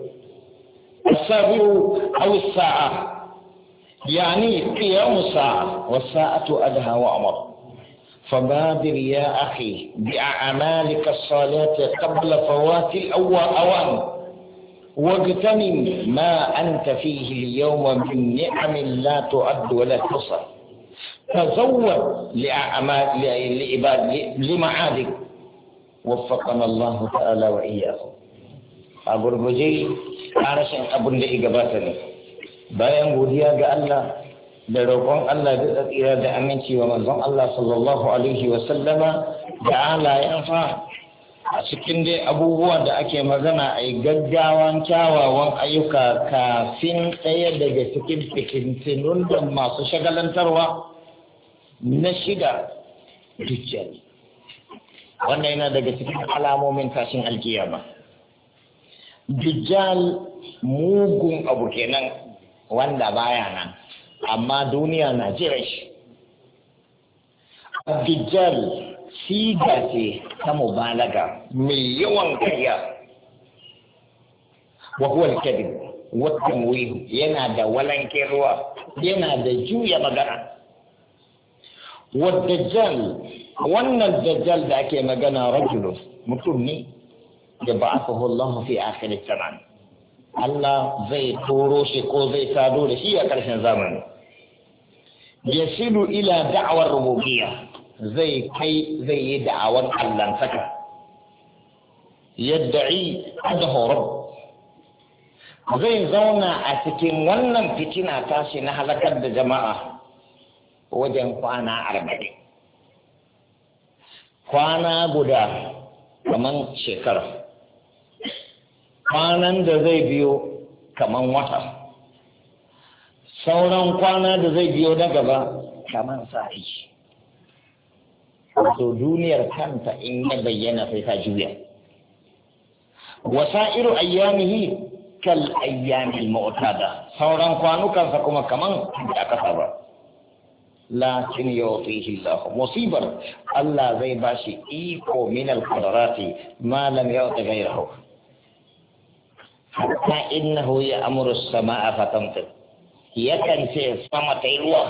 السابع أو الساعة يعني قيام الساعة والساعة أدهى وأمر فبادر يا أخي بأعمالك الصالحة قبل فوات الأوان واغتنم ما أنت فيه اليوم من نعم لا تعد ولا تحصى تزود لأعمال لعباد لمعادك وفقنا الله تعالى وإياكم أبو الرجي أنا أبو اللي إجاباتني bayan godiya ga Allah da roƙon Allah da tsira da aminci wa manzon Allah sallallahu alaihi wa sallama da fa a cikin dai abubuwan da ake magana a yi gaggawan kyawawan ayyuka kafin ɗaya daga cikin tunun da masu shagalantarwa na shida dujjali wannan yana daga cikin alamomin tashin alkiyama dujjal mugun abu kenan wanda baya nan amma duniya na jira shi abdijal siga ce ta mubalaga mai yawan karya wa huwa al wa tamwih yana da walanke ruwa yana da juya magana wa dajjal wannan dajjal da ake magana rajulu mutum ne da ba'athahu Allah fi akhir zaman Allah zai turo shi ko zai sado da shi a ƙarshen zamani shiru ila da'awar rububiyya zai kai zai yi da'awar allantaka yadda'i da rabb zai zauna a cikin wannan fitina tashi na halakar da jama'a wajen kwana arba'in kwana guda kamar shekara kwanan da zai biyo kaman wata sauran kwana da zai biyo na gaba kaman sa'i wato duniyar kanta in ya bayyana sai ta juya wasa'iru ayyamihi kal ayyamil mu'tada sauran kwanukansa kuma kaman da aka saba lakin yawtihi Allah musibar Allah zai bashi iko min al-qadarati ma lam hatta innahu ya amuru sama'a fatamtir yakan ce sama ta yi ruwa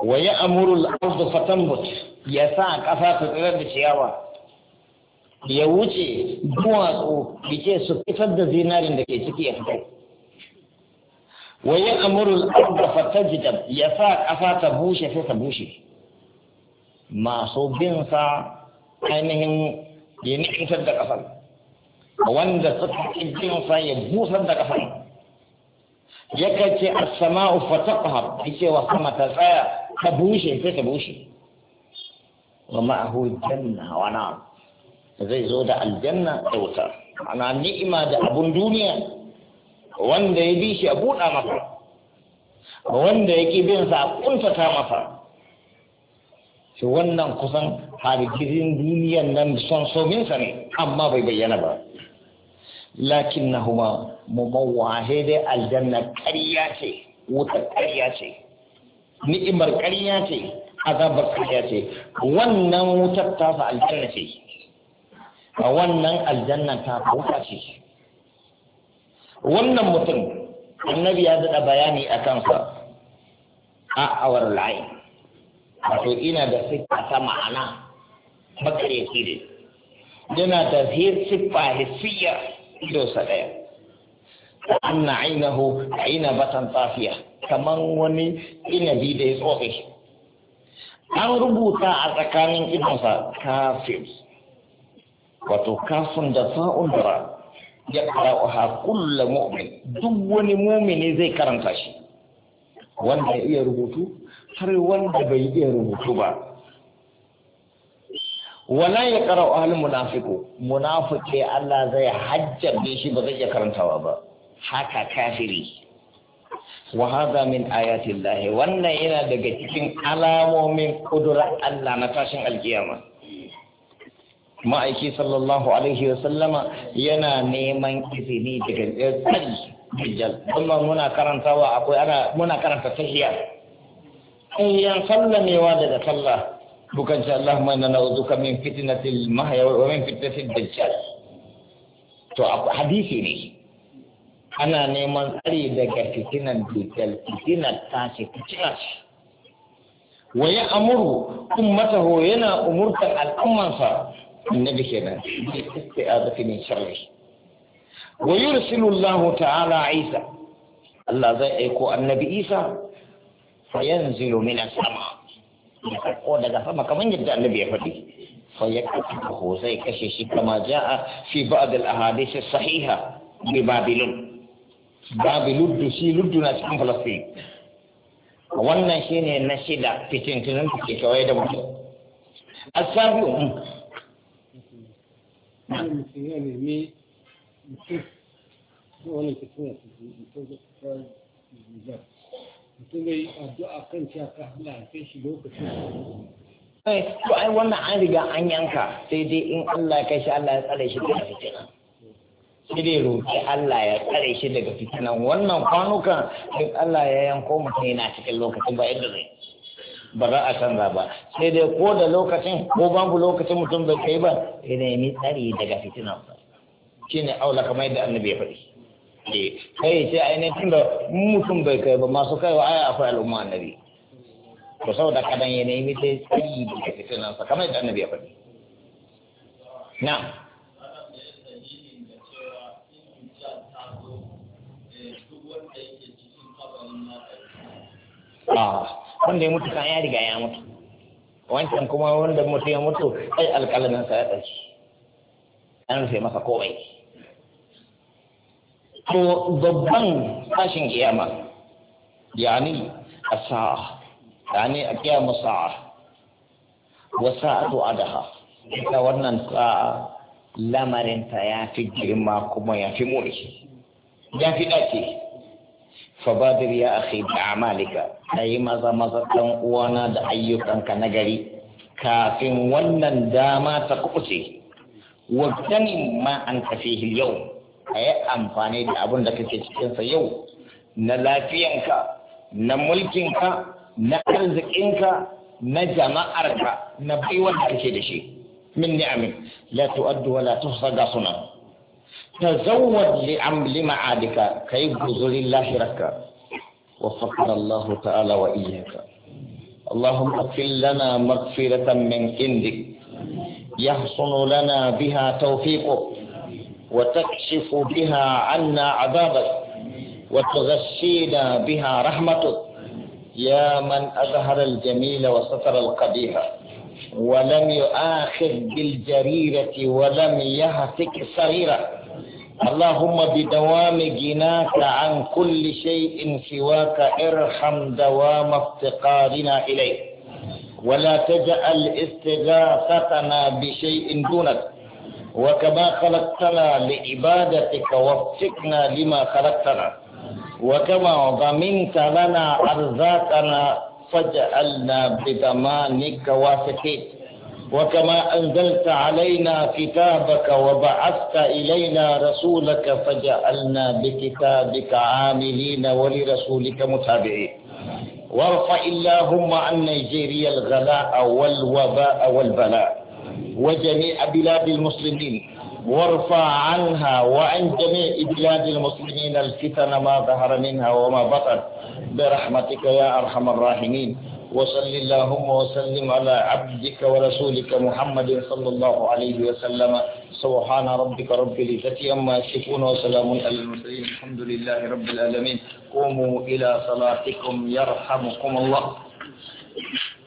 wa ya amuru al'adu fatambut ya sa ƙasa ta tsirar da ciyawa ya wuce duwatsu bice su fitar da zinarin da ke ciki ya fitar wa ya amuru al'adu fatajidab ya sa ƙasa ta bushe sai ta bushe masu bin sa ainihin yin fitar da ƙasar wanda suka ƙin sa ya busar da ya yakan ce as-sama'u fataqhar yace wa sama ta tsaya ta bushe sai ta bushe wa ma'ahu janna wa na zai zo da aljanna da wuta ana ni'ima da abun duniya wanda ya bi shi a buɗa masa wanda ya ƙi bin sa a ƙuntata masa shi wannan kusan hargizin duniyan nan son sominsa ne amma bai bayyana ba Lakin na lakinnahuma mumawahide aljanna ƙarya ce wutar ƙarya ce ni'imar ƙarya ce azabar ƙarya ce wannan wutar ta fa aljanna ce a wannan aljanna ta fa wuta ce wannan mutum annabi ya daɗa bayani a kansa a awar la'ayin wato ina da siffa ta ma'ana bakare ne yana da siffa hissiyar idonsa ɗaya anna ina batan tafiya kamar wani inabi da ya tsotse an rubuta a tsakanin idonsa kafin wato kafin da sa'un dara ya qara'uha kullu mu'min duk wani mumini zai karanta shi wanda ya iya rubutu har wanda bai iya rubutu ba wala ya ƙara ahalin munafiku munafike Allah zai hajjabe shi ba zai iya karantawa ba haka kafiri wa hadha min ayati wannan yana daga cikin alamomin kudura Allah na tashin alkiyama ma'aiki sallallahu alaihi wa sallama yana neman izini daga tsari dajjal kuma muna karantawa akwai ana muna karanta tahiyya in yan sallamewa daga sallah bukan sha Allah mana na'udzuka min fitnatil mahya wa min fitnatil dajjal to hadisi ne ana neman tsari daga fitinan dajjal fitinar tashi fitinar shi wa ya amuru ummatahu yana umurtar al'ummansa annabi kenan bi isti'azati min sharri wa yursilu Allah ta'ala Isa Allah zai aiko annabi Isa fa yanzilu min as-sama' ya karko daga sama kamar yadda annabi ya faɗi fa ya kashe zai kashe shi kama ja'a fi ba'd al ahadith sahiha bi babilun babilun da shi luddu na cikin falastin wannan shine na shida fitintunan da ke kawai da mutum asabi um wani mutum yi addu'a kan cewa ka Allah ya kai shi lokacin eh, to ai wannan an riga an yanka sai dai in Allah ya kai shi Allah ya tsare shi daga fitina sai dai roƙi Allah ya tsare shi daga fitina wannan kwanukan in Allah ya yanko mutum yana cikin lokacin ba yadda zai ba za a canza ba sai dai ko da lokacin ko babu lokacin mutum bai kai ba sai dai ni tsare daga fitina shine aula kamar yadda annabi ya faɗi eh kai ce ainihin da mutum bai kai ba masu kaiwa aya akwai al'umma annabi to saboda kadan ya nemi dai tsayi da fitinan sa kamar yadda annabi ya faɗi na ah, wanda ya mutu kan ya riga ya mutu wancan kuma wanda mutu ya mutu ai alƙalamin sa ya ɗauki an rufe masa komai to babban tashin kiyama yani asa'a yani a kiyama sa'a wa sa'atu adaha ita wannan sa'a lamarinta ya fi girma kuma ya fi muni ya fi dace fabadir ya akhi da amalika yi maza maza dan uwana da ayyukanka na gari kafin wannan dama ta kuce wa ma an tafihi yau a yi amfani da abin da kake cikinsa yau na lafiyanka na mulkinka na arzikinka na jama'arka na baiwar da kake da shi min ni'amin la tu'addu wa la tuhsa ga sunan tazawwad li amli ma'adika kai guzurin lahirarka وفقنا ta'ala تعالى وإياك اللهم اغفر لنا مغفرة من عندك يحصل لنا بها توفيقك وتكشف بها عنا عذابك وتغشينا بها رحمتك يا من أظهر الجميل وستر القبيح ولم يؤاخذ بالجريرة ولم يهتك صغيرة اللهم بدوام جناك عن كل شيء سواك ارحم دوام افتقارنا إليك ولا تجعل استغاثتنا بشيء دونك وكما خلقتنا لعبادتك وفقنا لما خلقتنا وكما ضمنت لنا أرزاقنا فاجعلنا بضمانك واثقين وكما أنزلت علينا كتابك وبعثت إلينا رسولك فجعلنا بكتابك عاملين ولرسولك متابعين وارفع اللهم عن نيجيريا الغلاء والوباء والبلاء وجميع بلاد المسلمين وارفع عنها وعن جميع بلاد المسلمين الفتن ما ظهر منها وما بطن برحمتك يا أرحم الراحمين وصل اللهم وسلم على عبدك ورسولك محمد صلى الله عليه وسلم سبحان ربك رب العزة عما يصفون وسلام على المرسلين الحمد لله رب العالمين قوموا إلى صلاتكم يرحمكم الله